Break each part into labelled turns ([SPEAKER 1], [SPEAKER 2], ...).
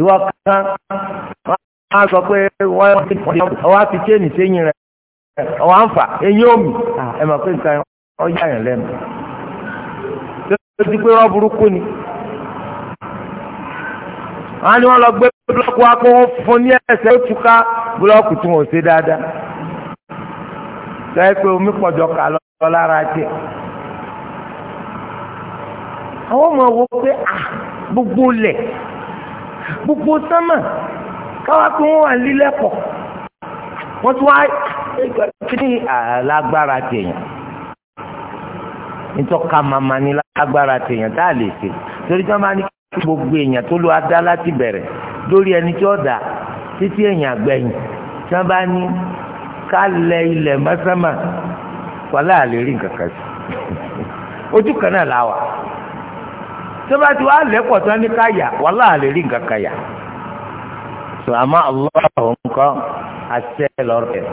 [SPEAKER 1] ìwọ kan wọ́n á sọ pé wọ́n fi chéènì séyìn rẹ̀ ọ̀wá ń fà eyín omi ẹ mọ̀ pé nǹkan ọ̀yà yẹn lẹ́nu tó ti pé wọ́n burúkú ni wọ́n á ní wọ́n lọ gbé búlọ́ọ̀kù wa kó wọ́n fún ní ẹsẹ̀ ó túká búlọ́ọ̀kù tí wọ́n ò ṣe dáadáa lọ́yẹ́ pé omi pọ̀jọ kà lọ lára jẹ́ àwọn ọmọ wo pé ah, gbogbo lẹ̀ gbogbo sánmà káwá pé wọ́n wà nílẹ̀ pọ̀ wọ́n tún wá kíní alágbára tèèyàn nítọ́ka màmá ni lágbára tèèyàn tá a lè ṣe torí tí wọ́n bá ní kí gbogbo èèyàn tó lọ adá láti bẹ̀rẹ̀ lórí ẹni tí ó dà títí èèyàn àgbẹ̀yìn tí wọ́n bá ní ká lẹ ilẹ̀ mọ́sánmà wàhálà lè rí nǹkan kan sí ojú kan náà la tó bá ti wá lẹ́pọ̀ tán ní káyà wàhálà lè rí nǹkan káyà sọ àmọ́ Allah nǹkan àṣẹ lọ́rẹ̀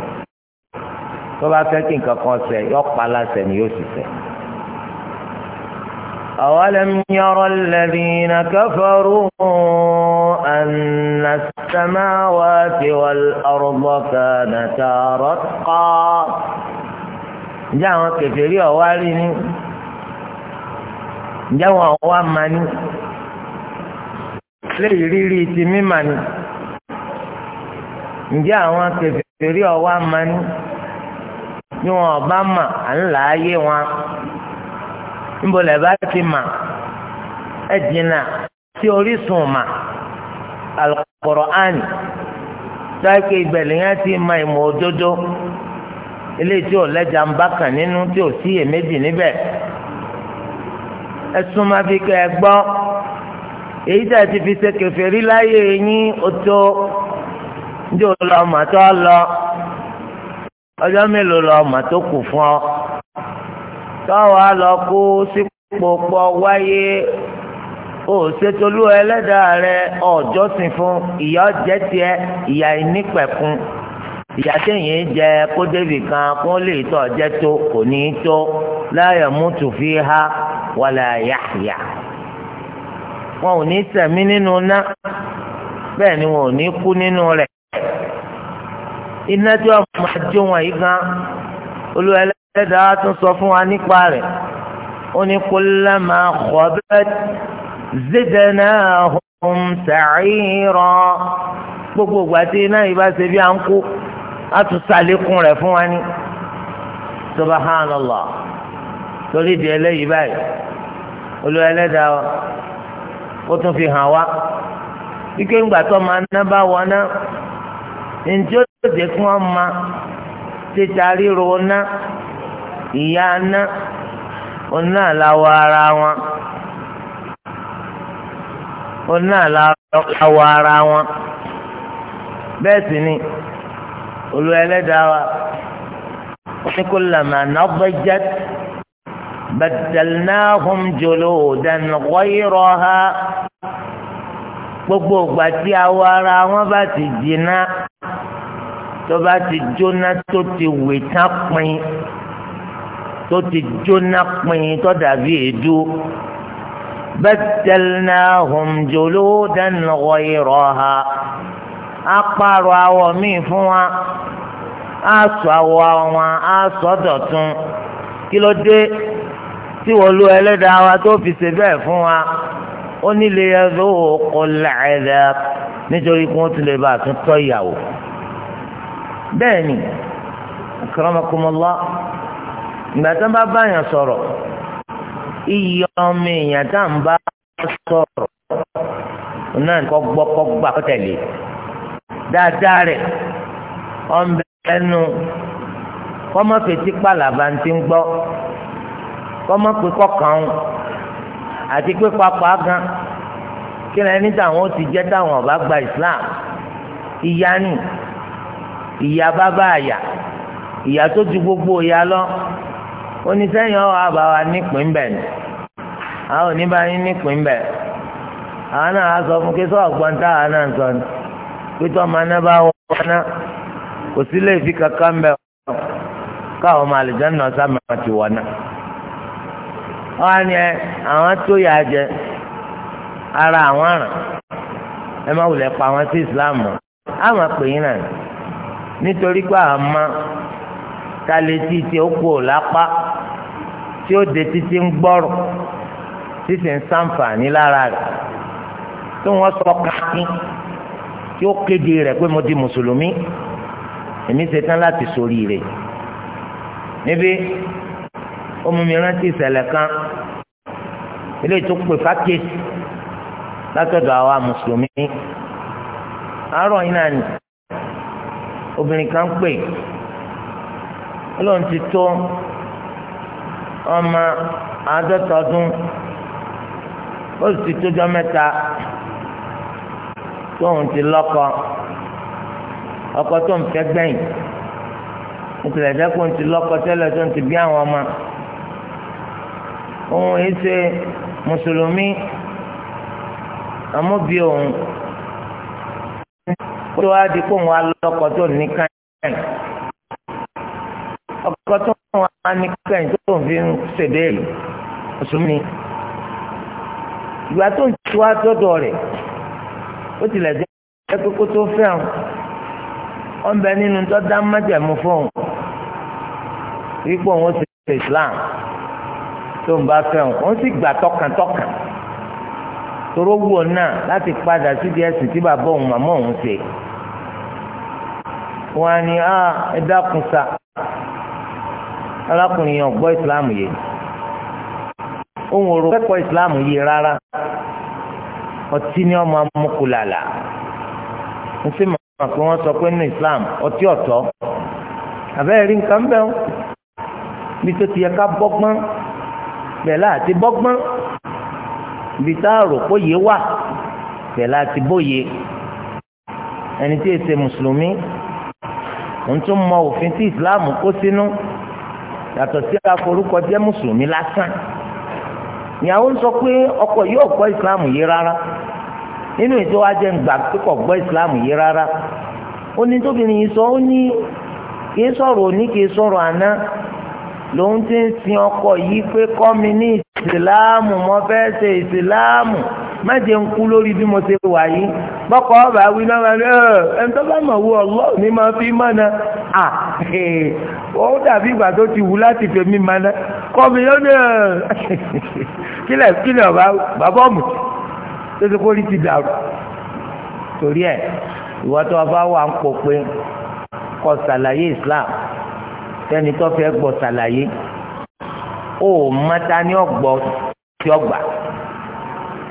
[SPEAKER 1] tó bá fẹ́ kí nǹkan kan ṣẹ yọ pa láṣẹ ni yóò sì ṣẹ. أولم ير الذين كفروا أن السماوات والأرض كانتا رتقا جاءوا كفروا وارنين ǹjẹ́ wọn wá máa ní lè rírí ti mímà ni ǹjẹ́ àwọn kẹfìrí ọwá máa ní bí wọn ọba mà à ń là á yé wọn níbo lè bá ti mà ẹ jìnnà sí orísun mà Al-Qur'an dáìkè ìgbẹ̀lẹ̀ yẹn ti ma ìmọ̀ òdodo eléyìí tí ò lẹ́jà ń bá kàn nínú tí ò sí ẹ̀sùn máa fi kẹ́ ẹ gbọ́ èyí tẹ̀ ti fi ṣe kèfèrí láyé yín ó tó ndí ò lọ mà tó lọ ọjọ́ mélòó lọ mà tó kù fún ọ tọ́wọ́ lọ kú sípò pọ̀ wáyé o ṣètòlú ẹlẹ́dàá rẹ ọ̀jọ́sìn fún ìyá ọ̀jẹ́ tiẹ̀ ìyá ìnípẹ̀kun ìyá téèyàn jẹ kó débì kan kó lè tọ́ ọ̀jẹ́ tó kò ní í tó láyọ̀ mú tù fi ha wàlà yàhìyà wọn ò ní sẹ̀mí nínú ná bẹ́ẹ̀ ni wọn ò ní kú nínú rẹ̀ iná tí wọn máa jó wọn yìí gan olú ẹlẹ́dàá tún sọ fún wa nípa rẹ̀ ó ní kullama khabat zidnahum sa'ira gbogbo ìgbà tí yìí bá ṣe bí à ń kú á tún ṣàlékún rẹ̀ fún wa ní subhanallah. torí di eléyìí báyìí olúwa ẹlẹ́dàá ó tún fi hàn wá ike ńgbà tó máa ná bá wọn ná ntí ó dé kí ma títa ríro ná ìyá ná òun náà láwọ ara wọn òun náà láwọ ara wọn bẹ́ẹ̀ sì ni olúwa ẹlẹ́dàá wa ó ní kó بدلناهم جلودا غيرها gbogbo ìgbà tí awọ ara wọn bá ti jiná tó bá ti jóná tó ti wè tán pin tó ti jóná pin tó dàbí èédú badalnahum juludan ghayraha apààrọ̀ awọ míì fún wa á sọ awọ wọn á sọ dọ̀tun kí ló dé tí wọ́n lo ẹlẹ́dàá wa tó fi ṣe bẹ́ẹ̀ fún wa ó nílé ẹgbẹ́ òkò làẹ́dà nítorí kí wọ́n ti lè bá a tún tọ́ ìyàwó. bẹ́ẹ̀ ni akramakumullah ìgbà tí wọ́n bá bá yàn sọ̀rọ̀ iyì ọmọ èèyàn tá à ń bá sọ̀rọ̀ náà kọ́ gbọ́ kọ́ gbà kọ́ tẹ̀lé dáadáa rẹ̀ ọ̀nbẹ́nu kọ́mọ́fẹ̀tì pàlàbà ti ń gbọ́ kọ́mọ pé kọ́kàn ọ̀hún àti pé papọ̀ gan kí lẹ́ni táwọn ó ti jẹ́ táwọn ọba gba Islam ìyá nì ìyá bàbá àyà ìyá tó ju gbogbo ìyá lọ oníṣẹ́yìn ọ̀ àbá wa nípìn bẹ́ẹ̀ ni àwọn oníbàáyín nípìn bẹ́ẹ̀ àwọn náà á sọ fún kí sọ́ọ̀ gbọ́n táwọn náà sọ ni pé tó ọmọ náà bá wọ́n wọn náà kò sí lè fi kankan bẹ́ẹ̀ káwọn ọmọ àlùjá náà sá máa ti wọ̀ náà wọ́n á ní ẹ àwọn tó yà á jẹ ara àwọn àràn ẹ má wulẹ̀ pa àwọn sí islam mọ́ á máa pè yín náà nítorí pé àwọn máa talẹ̀ tí tí ó kú ò lápá tí ó de títí ń gbọ́rọ̀ títí ń sàǹfààní lára rẹ̀ tí wọ́n sọ káàkiri tí ó kéde rẹ̀ pé mo di mùsùlùmí èmi ṣetán láti sórí rẹ̀ níbi ó mú mi rántí ìṣẹ̀lẹ̀ kan
[SPEAKER 2] ilé tó pè fákèsì
[SPEAKER 1] látọ̀dọ̀ àwa mùsùlùmí àárọ̀ yìí náà ni obìnrin kan pè ọlọ́run ti tó ọmọ àádọ́ta ọdún ó sì ti tójọ́ mẹ́ta tóun ti lọ́kọ ọkọ tó ń fẹ́ gbẹ̀yìn nítorí kó ń ti lọ́kọ tẹ́lẹ̀ tó ń ti bí àwọn ọmọ òun èé mùsùlùmí àmúbi òun ó ti wá di kó wọn alọ́kọ̀ tó ní káyìn ọkọ̀ tó wọn ní káyìn tó ń fi ń ṣèbéèrè mùsùlùmí ìgbà tó ń ti wá sọ́dọ̀ rẹ̀ ó tilẹ̀ jẹ́ ẹgbẹ́ kó tó fẹ́ ọ ọ́n bẹ nínú tó dá májẹ̀mú fún un wípé òun ó ti ṣe Islam tó ń bá fẹ́ wọn wọ́n sì gbà tọkàntọkàn toró wù ọ náà láti padà síbi ẹ̀sìn tí bàbá òun màmá òun ṣe wọn ni a ah, ẹ dákun sa arákùnrin yẹn gbọ́ ìsìláàmù yìí òun ò rò kẹ́kọ̀ọ́ ìsìláàmù yìí rárá ọtí ni ọmọ amúkulàlà ń sì mọ̀ pé wọ́n sọ pé nínú ìsìláàmù ọtí ọ̀tọ̀ àbẹ́rẹ́ rí nǹkan bẹ́ẹ̀ bí tó ti yẹ ká bọ́gbọ́n. bẹ̀lá àti bọ́gbọ́n Vita tá a rò póye wà bẹ̀lá àti bóye ẹni tí èsè mùsùlùmí ń tún mọ òfin tí Islam kó sínú yàtọ̀ sí aforúkọ jẹ́ mùsùlùmí lásán ìyàwó ń sọ pé ọkọ yóò gbọ́ ìsìláàmù yìí rárá nínú ètò ajẹ́ ńgbà pípọ̀ gbọ́ ìsìláàmù yìí rárá ó yìí sọ ó ní kì sọ̀rọ̀ òní lòun ti ń sin ọkọ yìí pé kọ́ mi ní ìsìláàmù mo fẹ́ ṣe ìsìláàmù má jẹ́ ń kú lórí bí mo ṣe wà yìí bọ́kọ̀ ọba wí náà wà ní ẹ̀ ẹ̀ tó bá mọ̀ wọ ọlọ́ọ̀ ní máa fi mọ́nà à ó dàbí ìgbà tó ti wù láti fèmí mọ́nà kọ́ mi ló ní ẹ̀ kílẹ̀ kílẹ̀ ọba bàbá ọ̀mù tó ti kó rí ti dàrú torí ẹ̀ ìwọ́n tó ọba wà ń pò pé kọ́ ṣàlàyé Islam fẹ́ni tó fẹ́ gbọ́ ṣàlàyé ó mọ́ta ní ọ̀gbọ́ tí ó gbà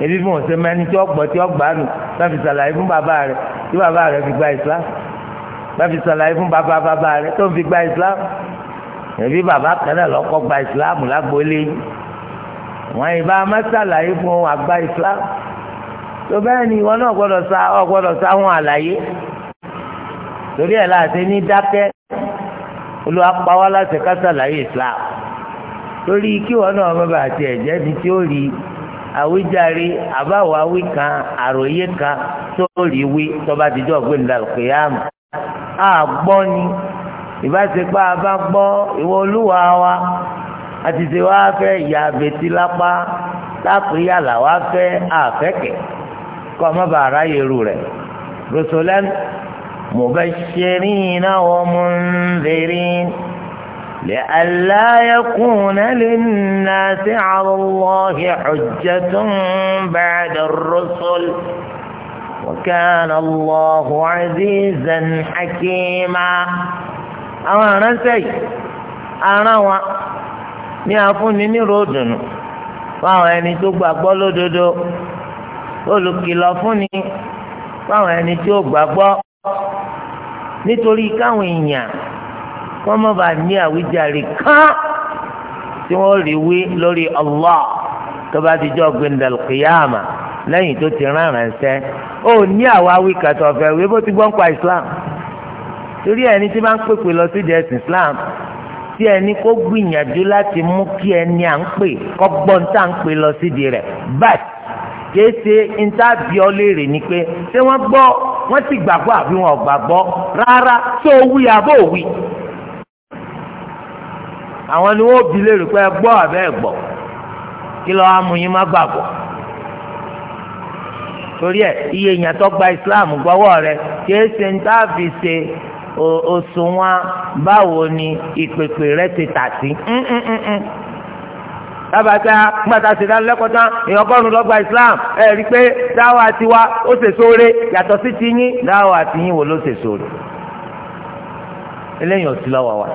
[SPEAKER 1] ebi fún ọ̀sẹ̀ mẹ́ni tí ó gbọ́ tí ó gbà nù bá fi fún bàbá rẹ̀ tí bàbá rẹ̀ fi gba Islam bá fi ṣàlàyé fún bàbá bàbá rẹ̀ tó fi gba Islam ebi bàbá kan náà lọ́kọ́ gba Islam lágbólé wọn ìbá má ṣàlàyé fún àgbà Islam tó bẹ́ẹ̀ ni ìwọ náà gbọ́dọ̀ sa ọ gbọ́dọ̀ sa àlàyé torí ẹ̀ láti ní dákẹ́ olúwa pa wá láti kásàlàyé islam lórí kí wọn náà má bàa tiẹ̀ jẹ́ ni tí ó rí àwíjàre àbáwáwí kan àròyé kan tó rí wí tọ́ba àtijọ́ ọ̀gbìn làlùkìyàmù àgbọ́ ni ìbáṣepọ̀ àbá gbọ́ ìwọ olúwa wa àti ṣe wá fẹ́ ìyá àbètí lápá lápẹ́yà làwa fẹ́ àfẹ́kẹ̀ kọ́ ọ má bàa ráyè ru rẹ̀ rọ̀ṣọ̀lẹ́nu. مبشرين ومنذرين لئلا يكون للناس على الله حجة بعد الرسل وكان الله عزيزا حكيما أنا سي أنا و ní afúnni ní ròdùnú fáwọn ẹni tó gbàgbọ́ lódodo olùkìlọ̀ fúnni fáwọn ẹni tí ó gbàgbọ́ nítorí káwọn èèyàn kọ́ mọ́ bá ní àwíjàre kán tí wọ́n rí wí lórí Allah tó bá ti jọ́ gbendal qiyama lẹ́yìn tó ti rán ránṣẹ́ ó ní àwa wí kàtọ́ fẹ́ wí bó ti gbọ́n pa Islam torí ẹni tí bá ń pèpè lọ sí jẹ́sìn Islam tí ẹni kó gbìyànjú láti mú kí ẹni à ń pè kọ́ gbọ́n tá à ń pè lọ sídìí rẹ̀ báyìí kìí ṣe ní ọ léèrè ni pé ṣé wọ́n gbọ́ wọ́n ti gbàgbọ́ àbí wọn ò gbàgbọ́ rárá tó wí àbó wí. àwọn ni wọ́n bi léèrè pé ẹ gbọ́ àbẹ́ ẹ gbọ́ kí lọ́ọ́ amúyín má gbàgbọ́ torí ẹ iye èèyàn gba islam gbọ́wọ́ rẹ kìí ṣe ń tá a fi ṣe òṣùwọ̀n báwo ni ìpèpè rẹ ti tà sí tábàtà gbàtà sí ìdánilẹ́kọ̀ọ́ tán èèyàn ọgọ́rùn-ún lọ́gbà islam ẹ rí i pé dáwà tiwa ó ṣe sóore yàtọ̀ sí ti yín dáwà ti yín wò ló ṣe sóore eléyìí ò sí lọ́wọ́ wa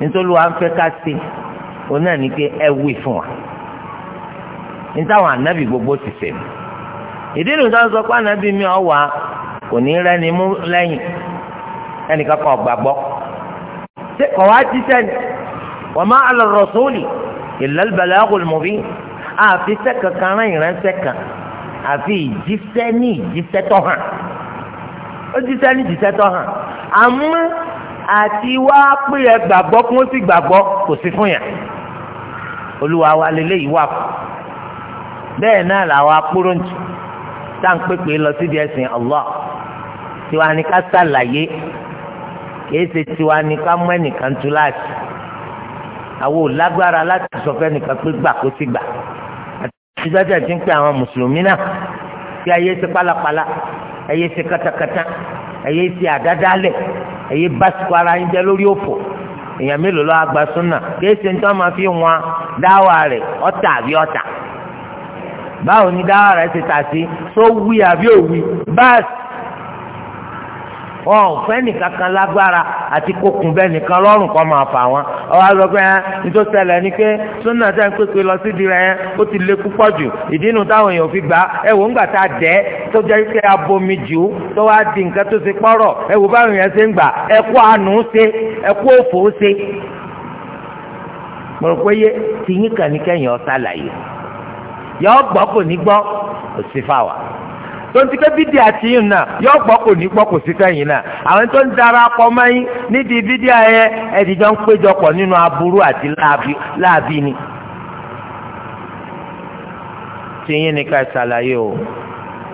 [SPEAKER 1] nítorí wa ń fẹ́ ká ṣe òun náà ní pé ẹ wí fún wa nítawọn ànábì gbogbo ti ṣe mi ìdí nìyí tó sọ pé ànábì mi ọ̀ wá kò ní rẹ́ni mú lẹ́yìn ẹnìkan kan ọ̀gbà gbọ́ ṣé kọ̀ wá jíṣẹ́ ni wa ma ala rasuli illa al-balagul mubin àfi sẹ́kàn kan rán ìránṣẹ́ kan àfi ìjíṣẹ́ ní ìjíṣẹ́ tó hàn ó jíṣẹ́ ní ìjíṣẹ́ tó hàn àmọ́ àti wá pé ẹ gbàgbọ́ kí wọ́n sì gbàgbọ́ kò sí fún yàn olúwa wa lélẹ́yìí wà fún bẹ́ẹ̀ náà làwọn akpọ́rọ̀ǹtì tá à ń pèpè lọ síbi ẹ̀sìn Allah tiwa ni ká sàlàyé kìí ṣe tiwa ni ká mú ẹnìkan tú láti àwọn ò lágbára láti sọ fẹ́ nìkan pé gbà kó sì gbà àti gbàjà ti ń pè àwọn mùsùlùmí náà kí ayé ṣe pálapàla ayé ṣe katakata ayé ṣe àdádálẹ̀ ayé básíkò ara yín jẹ́ lórí òfò èèyàn mélòó ló agba súnà kí ẹsẹ̀ ń tọ́ máa fi wọn dáwà rẹ̀ ọ̀tà àbí ọ̀tà báwo ni dáwà rẹ̀ ṣe tà sí sówí àbí òwí báàsì. wọn ò fẹ́ nìkan kan lágbára àti kókun bẹ́ẹ̀ nìkan lọ́rùn kan máa fà wọn ọwọ́ àgbẹ̀gbẹ́ ya nítorí ṣẹlẹ̀ ni pé súnà tẹ́ ń pèpè lọ sí ìdíra yẹn ó ti lé púpọ̀ jù ìdínú táwọn èèyàn fi gbà ẹ wò ń gbà tá a dẹ́ tó jẹ́ pé abomi jù tó wá di nǹkan tó ṣe pọ́rọ̀ ẹ wò báwọn ṣe ń gbà ẹ àánú ṣe ẹ òfò ṣe mo rò pé yé tìyín kàn ní kẹ́yìn ọ̀ tó ń ti ké bídìí àti yìí náà yóò pọ́kù ní pọ́kù sí sẹ́yìn náà àwọn tó ń darapọ̀ mọ́ yín nídìí bídìí ayẹ ẹ̀dìjọ́ ń péjọpọ̀ nínú aburú àti láàbí ni. tìyín ni ká ṣàlàyé o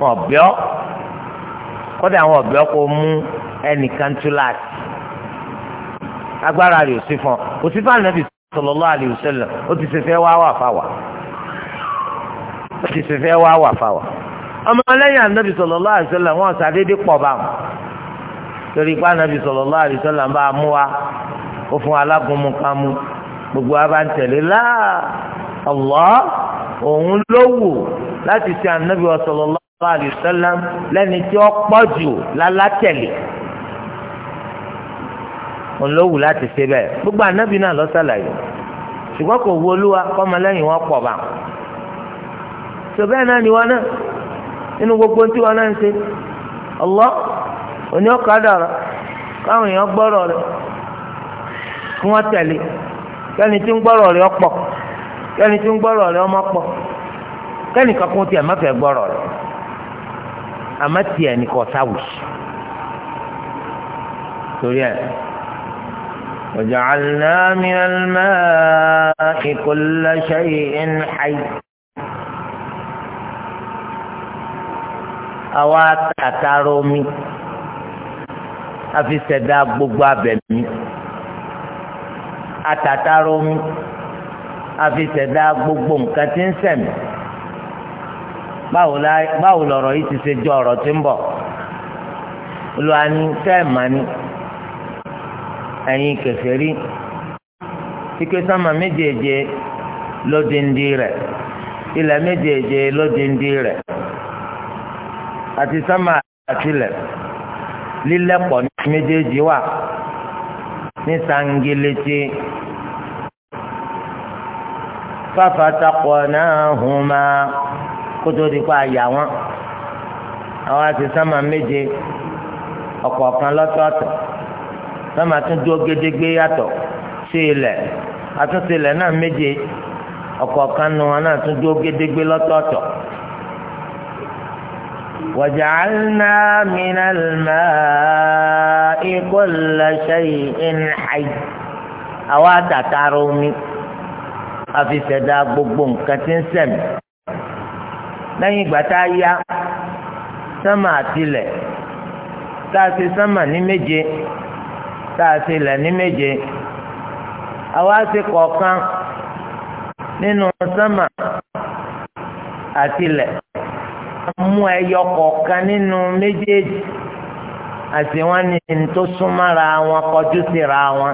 [SPEAKER 1] wọn ọ̀bẹ ọ́ kọ́dà àwọn ọ̀bẹ ọ́ kò mú ẹnìkan tú láti agbára rẹ̀ ò sí fún ọ kò sí fún ànábì sallallahu alaihi wasallam ó ti ṣe fẹ́ wá wà fáwà ó ti ṣe fẹ́ wá wà fáwà ọmọlẹ́yìn anabi sallallahu alaihi wasallam wọn ṣàdédé pọ̀ bá wọn torí pé anabi sallallahu alaihi wasallam bá a mú wa ó fún alágúnmu kan mú gbogbo wa bá ń tẹ̀lé láà Allah òun ló wù láti ṣe anabi sallallahu alaihi wasallam lẹ́ni tí ó pọ̀ jù lálátẹ̀lé òun ló wù láti ṣe bẹ́ẹ̀ gbogbo anabi náà ló ṣàlàyé ṣùgbọ́n kò wu olúwa kọ́mọlẹ́yìn wọn pọ̀ bá wọn. sọ nínú gbogbo tí wọn náà ń ṣe Allah òní ọ̀kadà rẹ káwọn èèyàn gbọ́rọ̀ rẹ kí wọ́n tẹ̀lé kẹ́ni tí ń gbọ́rọ̀ rẹ ọ̀pọ̀ kẹ́ni tí ń gbọ́rọ̀ rẹ ọmọ pọ̀ kẹ́ni kankan tiẹ̀ má fẹ́ gbọ́rọ̀ rẹ àmọ́ tiẹ̀ nìkan sáwùsì torí ẹ̀. وجعلنا من الماء كل شيء حي àwa àtàrà omi àfi ṣẹ̀dá gbogbo abẹ̀mí àtàtàrà omi àfi ṣẹ̀dá gbogbo nǹkan tí ń ṣẹ̀mí báwo lọ̀rọ̀ yìí ti ṣe jọ ọ̀rọ̀ tí ń bọ̀ olùwàní tẹ́ẹ̀mà ni ẹ̀yin kẹfẹ́ rí ike sáma méjèèje lódindi rẹ̀ ilẹ̀ méjèèje lódindi rẹ̀ àti sánmà àtìlẹ̀ lílẹ̀pọ̀ ní méjèèjì wà ní sangelete fàfàtàkọ̀ náà hùn máa kótó di pa àyà wọn àwọn àti sánmà méje ọ̀kọ̀ọ̀kan lọ́tọ̀ọ̀tọ̀ sánmà tún dúró gédégbé yàtọ̀ sí ilẹ̀ náà méje ọ̀kọ̀ọ̀kan nu wọn náà tún وجعلنا من الماء كل شيء حي àwa tàtàrà omi a fi ṣẹ̀dá gbogbo nǹkan tí ń ṣẹ̀mí lẹ́yìn ìgbà tá a yá sánmà àtilẹ̀ tá a ṣe sánmà ní méje tá a ṣe ilẹ̀ ní méje àwa ṣe kọ̀ọ̀kan nínú sánmà àtilẹ̀ mú ẹyọ kọ̀ọ̀kan nínú méjèèjì àti wọn ní tó súnmọ́ra wọn kọjú síra wọn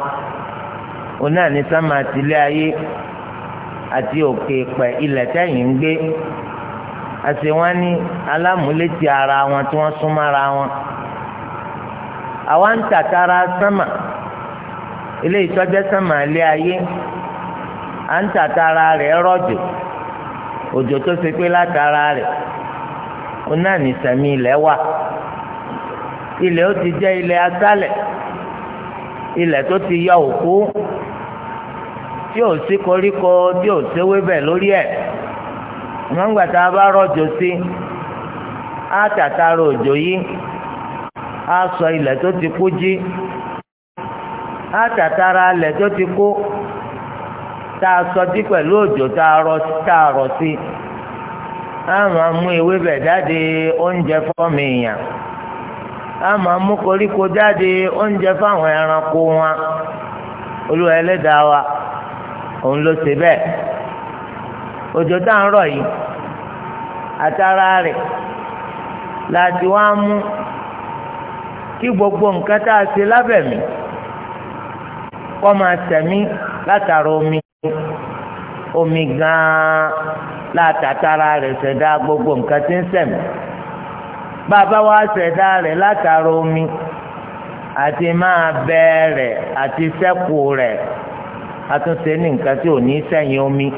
[SPEAKER 1] òun náà ní sámà àtìlé ayé àti òkè pẹ̀ ilẹ̀ gbé àti wọn ní ara wọn tí wọ́n súnmọ́ra wọn àwa ń tàtàrà sámà ilé ìtọ́jẹ́ sámà ilé ayé à ń tàtàrà rẹ̀ òjò tó ṣe pé òun náà ní wa ilẹ̀ o ti jẹ́ ilẹ̀ aṣálẹ̀ ilẹ̀ tó ti ya òkú tí ò sí koríko tí ò séwé bẹ̀ lórí ẹ̀ ìmọ̀ǹgbà bá rọ̀jò sí á tàtàrà òjò yìí á sọ ti kú jí á tàtàrà ilẹ̀ tó ti kú tá a sọ jí pẹ̀lú òjò tá rọ̀ sí. a mu mú ewébẹ̀ jáde oúnjẹ fọ́ọ̀mù èèyàn a máa mú koríko jáde oúnjẹ fáwọn ẹranko wọn olúwa ẹlẹ́dàá wa òun ló ṣe bẹ́ẹ̀ òjò tá à ń rọ̀ yìí àtàrà rẹ̀ láti wá mú kí gbogbo nǹkan tá a ṣe lábẹ̀mí kọ́ máa tẹ̀mí látara omi omi gan-an látàtàrà rẹ̀ gbogbo nǹkan tí ń sẹ̀mí bàbá wa ṣẹ̀dá rẹ̀ látàrà omi àti máa bere àti seku re àtúnṣe ní nǹkan tí ò ní sẹ́yìn omi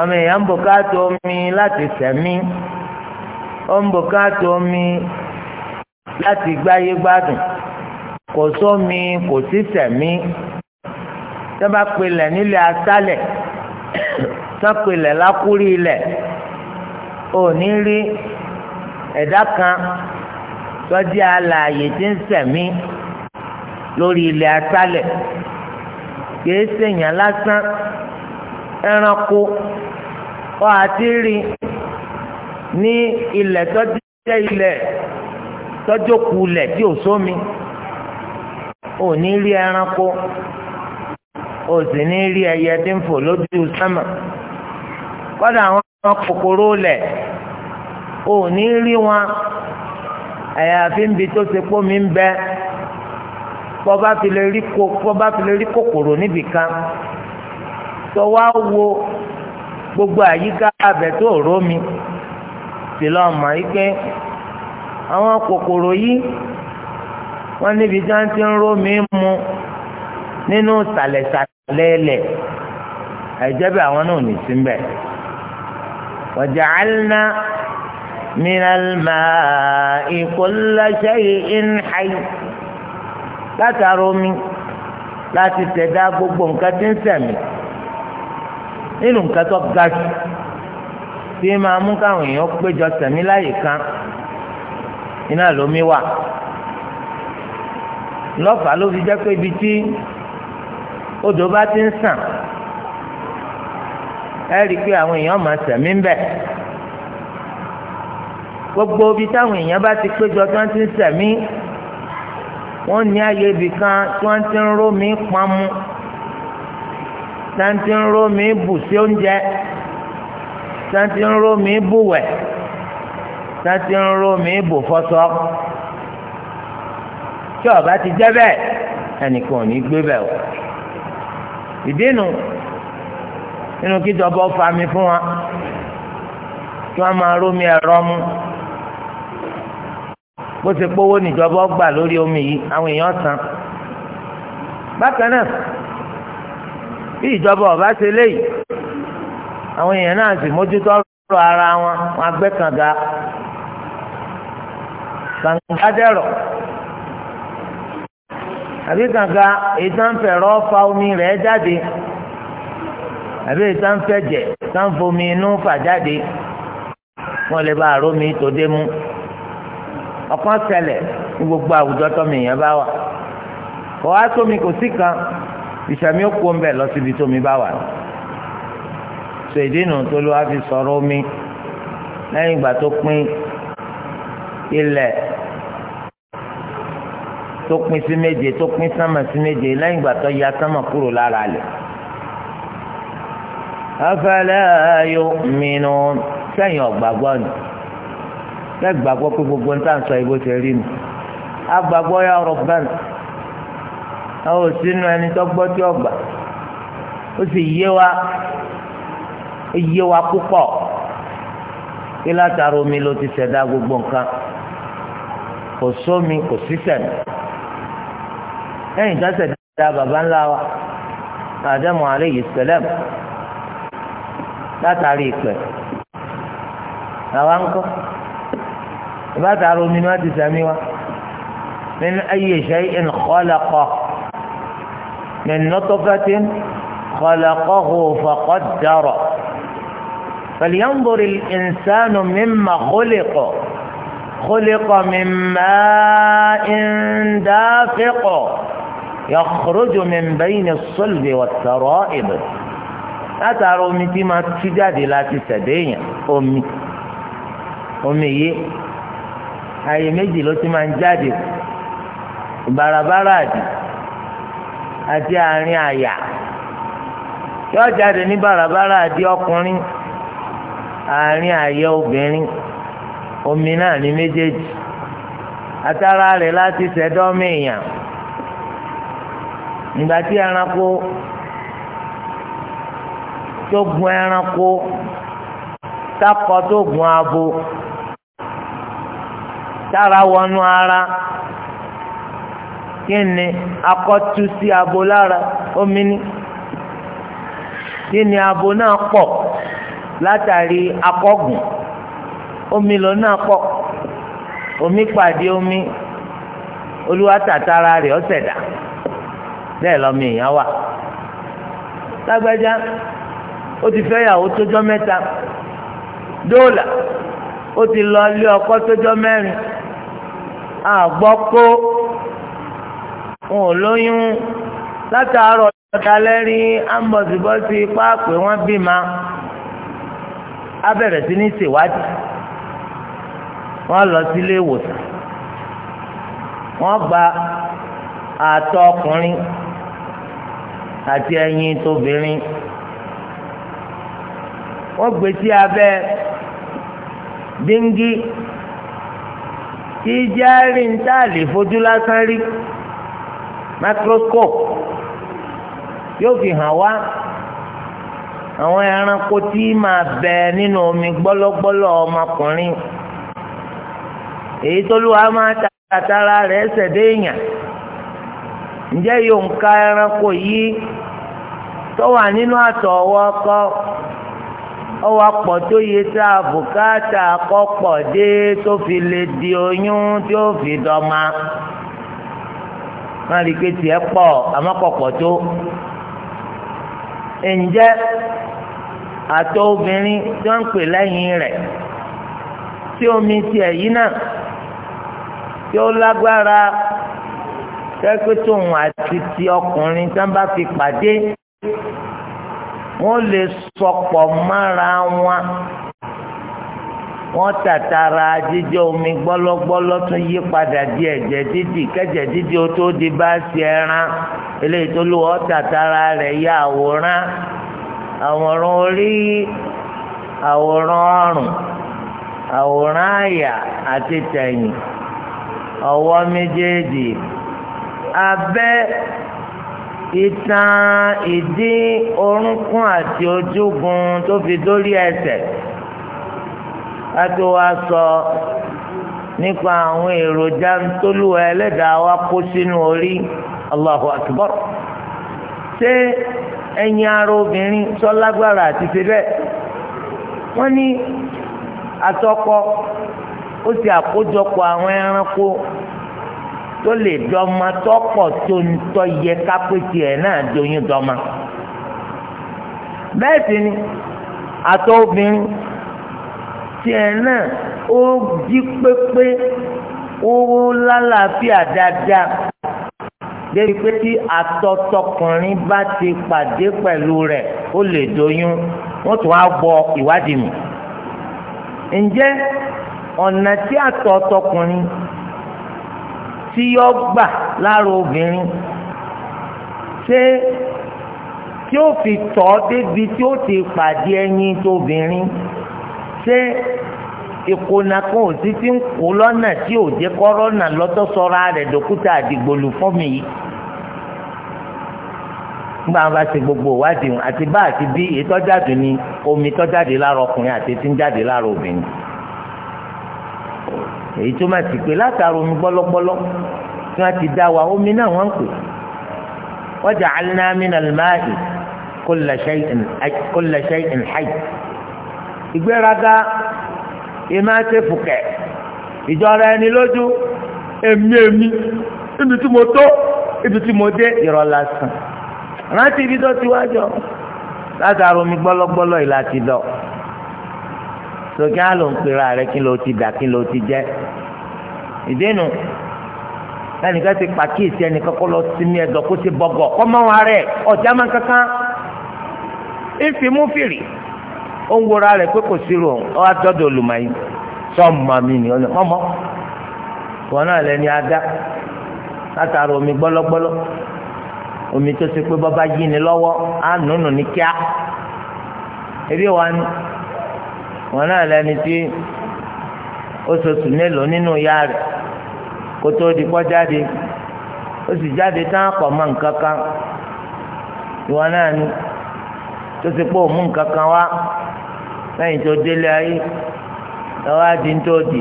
[SPEAKER 1] ọmọ èèyàn ń omi láti sẹ̀mí ó ń bùkátà omi láti gbáyé gbádùn kò sómi kò sí sẹ̀mí tẹ́ bá pilẹ̀ sápẹlẹ̀ lákúrí ilẹ̀ òní rí ẹ̀dá kan tọ́jú alààyè tí ń sẹ̀mí lórí ilẹ̀ asálẹ̀ kìí ṣèyàn lásán ẹranko ọ àti rí ní ilẹ̀ tọ́jú jẹ́ ilẹ̀ tọ́jú kulẹ̀ tí ò sómi ò ní rí ẹranko ò sì ní rí ẹyẹ tí ń fò lójú sámà kọ́dà àwọn kòkòrò lẹ̀ ò ní rí wọn àyàfi níbi tó ṣe pọ́ mi ń bẹ bọ́bá fi lè rí bọ́bá fi lè rí kòkòrò níbì kan tó wá wo gbogbo àyíká abẹ tó rọ mi sì lọ mọ̀ yìí pé àwọn kòkòrò yìí wọ́n níbi tí wọ́n ti ń rọ mi mu nínú sàlẹ̀sàlẹ̀ lẹ̀ àìjẹ́ bí àwọn náà ò ní sí mbẹ̀. وجعلنا من الماء كل شيء حي látàrọ omi láti ṣẹ̀dá gbogbo nǹkan tí ń ṣẹ̀mí nínú nǹkan tó ga jù tí máa mú káwọn èèyàn péjọ ṣẹ̀mí láyè kan iná lómi wà lọ́fà ló fi jẹ́ pé ibi tí odò bá ti ń sàn ẹ rí i pé àwọn èèyàn máa sẹ̀mí ń bẹ̀ gbogbo ibi táwọn èèyàn bá ti péjọ tí wọ́n ti ń sẹ̀mí wọ́n ní ààyè ibì kan tí wọ́n ti ń rómi pamọ́ tí wọ́n ti ń rómi bù sí oúnjẹ tí wọ́n ti ń rómi bùwẹ̀ tí wọ́n ti ń rómi bù fọ́sọ́ tí ọba ti jẹ́ bẹ́ẹ̀ ẹnìkan ò ní gbé bẹ́ẹ̀ o ìdí nu nínú kíjọba ọfà mi fún wa kí wọn máa rómi ẹ̀rọ mu bó ṣe pówó níjọba ọgbà lórí omi yìí àwọn èèyàn san bákan náà bí ìjọba ọba ṣe léyìí àwọn èèyàn náà sì mójútó ọ̀rọ̀ ara wọn wọn agbẹ́ kànga kànga dẹ̀rọ̀ àbí kànga ìtàn fẹ̀rọ fa omi rẹ̀ jáde àbí sanfẹ̀jẹ̀ sanfomi inú fàjáde wọn lè bá àrómi tó dé mú ọ̀kan ṣẹlẹ̀ ní gbogbo àwùjọ tọ́mi yẹn bá wà kò wá sómi kò sí kan ìṣàmì òkú ń bẹ̀ lọ síbi tómi bá wà sọ èdè nù tó ló wá fi sọ̀rọ̀ omi lẹ́yìn ìgbà tó pín ilẹ̀ tó pín sí méje tó pín sánmà sí méje lẹ́yìn ìgbà tó ya sánmà kúrò lára lẹ̀ afala yu'minun sẹ́yìn ọ̀gbàgbọ́ ni sẹ́yìn gbàgbọ́ pé gbogbo ń tàn sọ ibo ṣe rí ni agbàgbọ́ ya Rabbana àwọn òsínú ẹni tó gbọ́ tí ọgbà ó sì yé wa yé wa púpọ̀ kí látara omi ló ti ṣẹ̀dá gbogbo nǹkan kò sómi kò sí sẹ̀mí lẹ́yìn tó ṣẹ̀dá baba ńlá wa Ádámù alayhi salam. látàrí ìpẹ́ làwa ń kọ́ ìbátàrí omi ni wọ́n ti sàmì wa ti ń min ayyi shay'in khalaqa min nutfatin khalaqahu faqaddara falyanzur al-insanu mimma khuliqa خلق من ماء دافق ní من wà الصلب والترائب látara omi tí ma tú jáde láti ṣẹ̀dá èèyàn omi omi yé ààyè méjì ló ti máa ń jáde ìbarabara àdì àti àárín àyà yóò jáde ní barabara àdì ọkùnrin àárín àyà obìnrin omi náà ní méjèèjì àtàrà rẹ láti ṣẹ̀dá ọmọ tí ẹranko. tó gun ẹranko takọ tó gun abo tára wọnú ara kí ni akọ tú sí abo lára omi ní kí ni abo náà pọ̀ látàrí akọ́gùn omi lọ náà pọ̀ omi pàdé omi olùwàtàtàrà rẹ̀ ọ̀sẹ̀dá bẹ́ẹ̀ lọ́mọ èèyàn wà lágbájá ó ti fẹ́ yàwó tójọ́ mẹ́ta dóòlà ó ti lọ ilé ọkọ tójọ́ mẹ́rin àgbọ́ kó wọn ò lóyún látàárọ̀ ọ̀dàlẹ́rìn ambọ̀sibọ́sí páàpẹ́ wọn bímọ á bẹ̀rẹ̀ sí ní ṣèwádìí wọ́n lọ sílé ìwòsàn wọ́n gba àtọ̀ ọkùnrin àti ẹyin tóbìnrin. wọ́n gbé sí abẹ́ díngí tí járí ń tà lè fojú lásán rí microscope yóò fi hàn wá àwọn ẹranko tí máa bẹ nínú omi gbọ́lọ́gbọ́lọ́ ọmọkùnrin èyí tó lù wá máa tàtàrà rẹ̀ ẹsẹ̀ èèyàn ǹjẹ́ yóò ń ka ẹranko yìí tó wà nínú àtọ̀wọ́ kọ́. ó wá pọ̀ tó yẹ tá a bùkátà kọ́pọ̀ dé tó fi lè di oyún tí ó fi dọ́mà má rí i pé tiẹ̀ pọ̀ àmọ́ kọ̀pọ̀ tó ǹjẹ́ àtọ̀ obìnrin tí wọ́n ń pè lẹ́yìn rẹ̀ tí omi tiẹ̀ yìí náà tí ó lágbára tẹ́kítù àti ti ọkùnrin tí wọ́n bá fi pàdé wọ́n lè sọ̀pọ̀ mára wọn wọ́n tàtàrà jíjẹ omi gbọ́lọ́gbọ́lọ́ tún yí padà di ẹ̀jẹ̀ dídì kẹ́jẹ̀ dídì ó tó di bá sí ẹran eléyìí tó lù wọ́n tàtàrà rẹ̀ yá àwòrán àwòrán orí àwòrán ọrùn àwòrán àyà àti tẹ̀yìn ọwọ́ méjèèjì abẹ́ ìtàn ìdí orúnkún àti ojúgun tó fi dórí ẹsẹ̀ láti wá sọ nípa àwọn èròjà ntòlúwa ẹlẹ́dàá wa kó sínú orí Allahu Akbar ṣé ẹ̀yin ara obìnrin sọ́lágbára àti ṣe bẹ́ẹ̀ wọ́n ní atọ́kọ ó àkójọpọ̀ àwọn ẹranko. tó lè dọ́mọ tó pọ̀ tó ń tọ́ yẹ kápẹ́tì ẹ̀ náà doyún dọ́mọ. bẹ́ẹ̀ sì ni àtọ́ obìnrin tiẹ̀ náà ó jí pépé ó lálàáfíà dáadáa débi pé tí àtọ̀tọkùnrin bá ti pàdé pẹ̀lú rẹ̀ ó lè doyún wọ́n tún á gbọ́ ìwádìí mi. ǹjẹ́ ọ̀nà tí àtọ̀tọkùnrin tí yọ gbà lára obìnrin ṣé tí ó fi tọ́ débi tí ó ti pàdé ẹyin tóbìnrin ṣé ìkùnà kan ò sí ti ń kó lọ́nà tí ò jẹ́ kọ́rọ́nà lọ́tọ́ rẹ̀ dókítà àdìgbòlù yìí nígbà wọn bá ṣe gbogbo ìwádìí àti bá àti bí omi lára ọkùnrin àti tí ń jáde èyí tó máa ti pé látara omi gbọ́lọ́gbọ́lọ́ tí wọ́n ti dá wa omi náà wọ́n ń pè waja'alna minal ma'i kulla shay'in kulla shay'in hayy ìgbéraga ìmáṣẹ́fùkẹ́ ìjọra ẹni lójú èmi èmi ibi tí mo tó ibi tí mo dé irọ́ lásán rántí ibi tó ti wájọ látara omi gbọ́lọ́gbọ́lọ́ ìlà ti lọ sókè á rẹ kí ló ti dà kí ló ti jẹ́ ìdénú ẹnìkan ti pàkíyèsí ẹnìkan kọ́ lọ sinmi ẹ̀dọ̀ kó ti bọ̀gọ̀ kọ́ mọ́ rẹ̀ ọ̀já máa kankan ìfì ó ń wọra rẹ̀ pé kò sí rò ó wá tọ́jú mi ni ọ̀nà mọ́mọ́ wọn náà lẹ́ni adá látara omi gbọ́lọ́gbọ́lọ́ omi tó ti pé bọ́bá yí ni lọ́wọ́ á ebi wa ni wọn náà lẹ́ni tí. oṣooṣù mélòó nínú ìyá rẹ̀ kó di kọ́ jáde ó sì jáde tán kọ̀ mọ́ nǹkan kan ìwọ náà ni tó ti pé òun nǹkan kan wá lẹ́yìn tó délé ayé lọ́wọ́ di ń tó di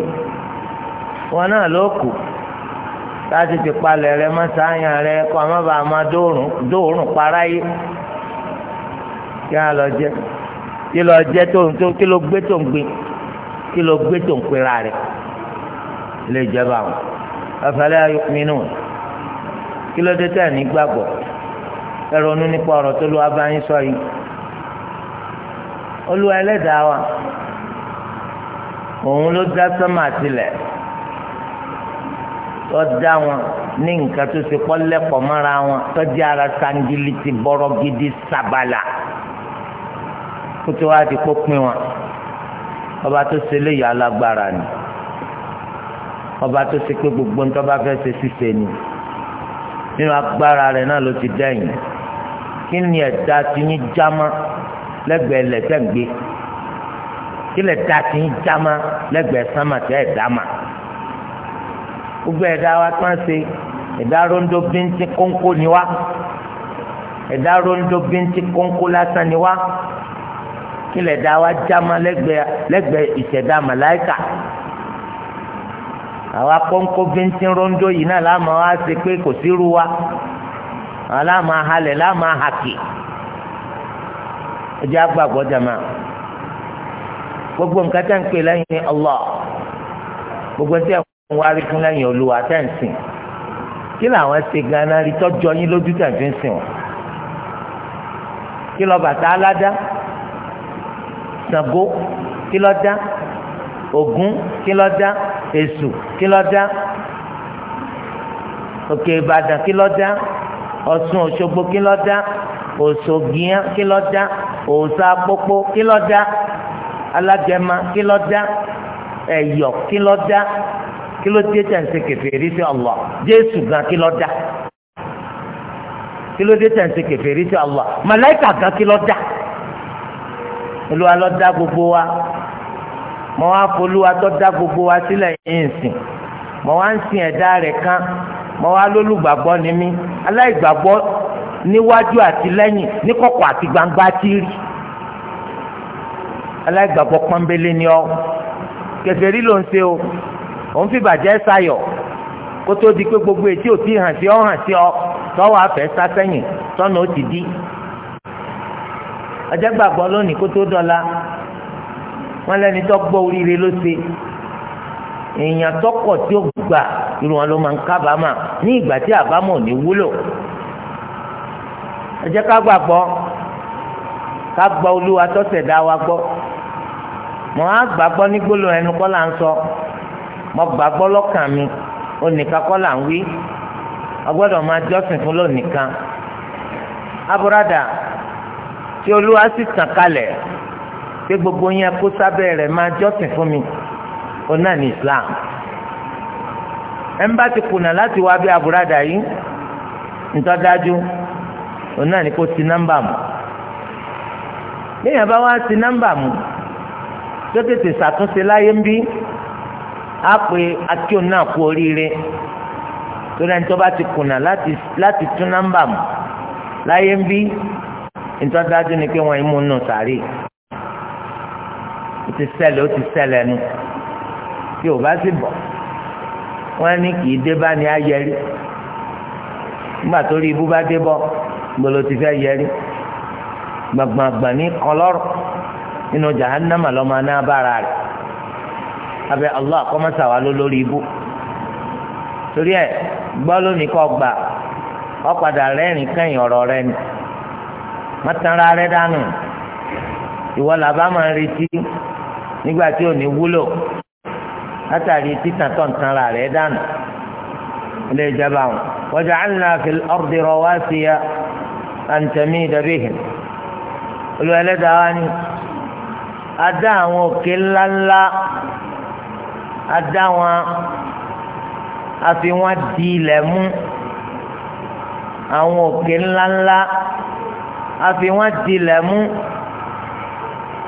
[SPEAKER 1] ìwọ náà ló kù láti ti palẹ̀ rẹ mọ́ rẹ kó a má bàa má dóòrùn kí a lọ jẹ kí lọ jẹ tó ń tó kí ló gbé tó ń pera rẹ̀ ilé ìjọba àwọn afẹ́lẹ́ ayọ́kùnrin kí ló dé tẹ̀ nígbàgbọ́ ẹ̀rọ onú nípa ọ̀rọ̀ tó lu abáyín sọ yìí olúwa ẹlẹ́dàá wa òun ló dá sánmà tilẹ̀ tó dá wọn ní nǹkan tó ṣe kọ́ lẹ́pọ̀ mọ́ra wọn tọ́jú ara sangili ti bọ́rọ̀ gidi sábàlà kótó wa ti kó pin wọn ọba tó ṣe léyìí alágbára ni ọba tó ṣe pé gbogbo nítorí bá fẹ́ ṣe ṣíṣe ni nínú agbára rẹ̀ náà ló ti dẹ́yìn kí ni ẹ̀dá ti yín jámá lẹ́gbẹ̀ẹ́ lẹ́tẹ̀gbẹ́ kí lẹ̀ dá ti yín jámá lẹ́gbẹ̀ẹ́ sámàtẹ́ ẹ̀dá mà gbogbo ẹ̀dá wa tó ń ṣe ẹ̀dá rondo bíntín kónkó ni wá ẹ̀dá rondo bíntín kónkó lásán ni wá. kílẹ̀ dá wa jámá lẹ́gbẹ̀ẹ́ ìṣẹ̀dá màláìkà àwa kọ́ńkó bíntín rọ́ńdó yìí náà láàmú wa ṣe pé kò sí wa láàmú ahalẹ̀ láàmú ahàkì àgbàgbọ́ jama gbogbo nǹkan tẹ́ ń pè lẹ́yìn Allah gbogbo tẹ́ ń wárí fún lẹ́yìn olúwa tẹ́ ń sìn kí làwọn ṣe rí tọ́jú ọyìn lójú tẹ̀ fi ń sìn Ṣàngó kí ló dá Ògún kí ló dá Èṣù kí ló dá Òkè Ìbàdàn kí ló dá Ọ̀ṣun Òṣogbo kí ló dá Òṣògìyàn kí ló dá Òòṣà Pópó kí ló dá Alágẹmà kí ló dá Ẹ̀yọ̀ kí ló dá kí ló dé tẹ̀ ń ṣe sí Allah Jésù gan kí ló dá kí ló dé tẹ̀ ń ṣe sí Allah màláìkà gan kí ló dá olúwa ló dá gbogbo wa mo wá folúwa tó dá gbogbo wa sílẹ̀ yìí sìn mo wá ń sin ẹ̀dá rẹ̀ kan mo wá lólùgbàgbọ́ ni mí aláìgbàgbọ́ níwájú àti lẹ́yìn níkọ̀kọ̀ àti gbangba tí rí aláìgbàgbọ́ pọ́nbélé ni ọ́ kèfèrí ló ń ṣe o òun fi bàjẹ́ sayọ̀ kó tó di pé gbogbo etí ò tí hàn sí ọ hàn sí ọ tọ́wọ́ afẹ́ sá sẹ́yìn tọ́nà ó ti dí ọjọ́ gbàgbọ́ lónìí kó tó dọ́la wọ́n lẹ́ni tó gbọ́ oríire ló ṣe èèyàn tọkọ̀ tí ó gbà irun wọn ló máa ń kábàámà ní ìgbà tí àbámọ̀ ní wúlò ẹ jẹ́ ká gbàgbọ́ ká gbọ́ olúwa tọ́sẹ̀dá wa gbọ́ mọ̀ á gbàgbọ́ ní gbólóhùn ẹnu kọ́ là ń sọ mọ̀ gbàgbọ́ lọ́kàn mi onìkan kọ́ là ń wí ọgbọ́dọ̀ máa jọ́sìn fún lónìkan abúrádà tí olúwa sì tàn kalẹ̀ pé gbogbo yẹn kó sábẹ́ rẹ̀ máa jọ́sìn fún mi ó náà ní islam ẹ̀ ń bá ti kùnà láti wá bí àbúradà yìí ntọ́dájú òun náà ní kó ti nọ́mbà mu léèyàn bá wá ti nọ́mbà mu tó tètè ṣàtúnṣe láyé ń bí á pé akíọ̀n náà kú oríire tó dáa ní tó bá ti kùnà láti tún nọ́mbà mu láyé ń bí nítorí dájú ni pé wọ́n imú nù sàárè ó ti ṣẹlẹ̀ ó ti ṣẹlẹ̀ nu tí ò bá sì bọ̀ wọ́n ní kì í dé bá ní ayẹrí nígbà tó rí ibú bá dé bọ̀ gbolo ti fẹ́ yẹrí gbàgbàgbà ní kọlọ́rọ̀ nínú jahannama lọ́mọ náà bára rẹ̀ abẹ́ Allah kọ́mọ́sà wa ló lórí ibú torí ẹ̀ gbọ́ lónìí kọ́ gbà ọ́ padà rẹ́rìn-ín kẹ́yìn ọ̀rọ̀ rẹ ni mọ́tànra rẹ dànù ìwọ làbá máa ń retí nígbà tí ò ní wúlò látàrí títàn tó ń tanra rẹ dànù ilé ìjọba wọn. waja'alna fil ardi rawasiya an tamida bihim olú ẹlẹ́dàá wa ni a àwọn òkè ńláńlá a wọn a wọn di ilẹ̀ mú àwọn òkè ńláńlá àfi wọ́n dilẹ̀ mú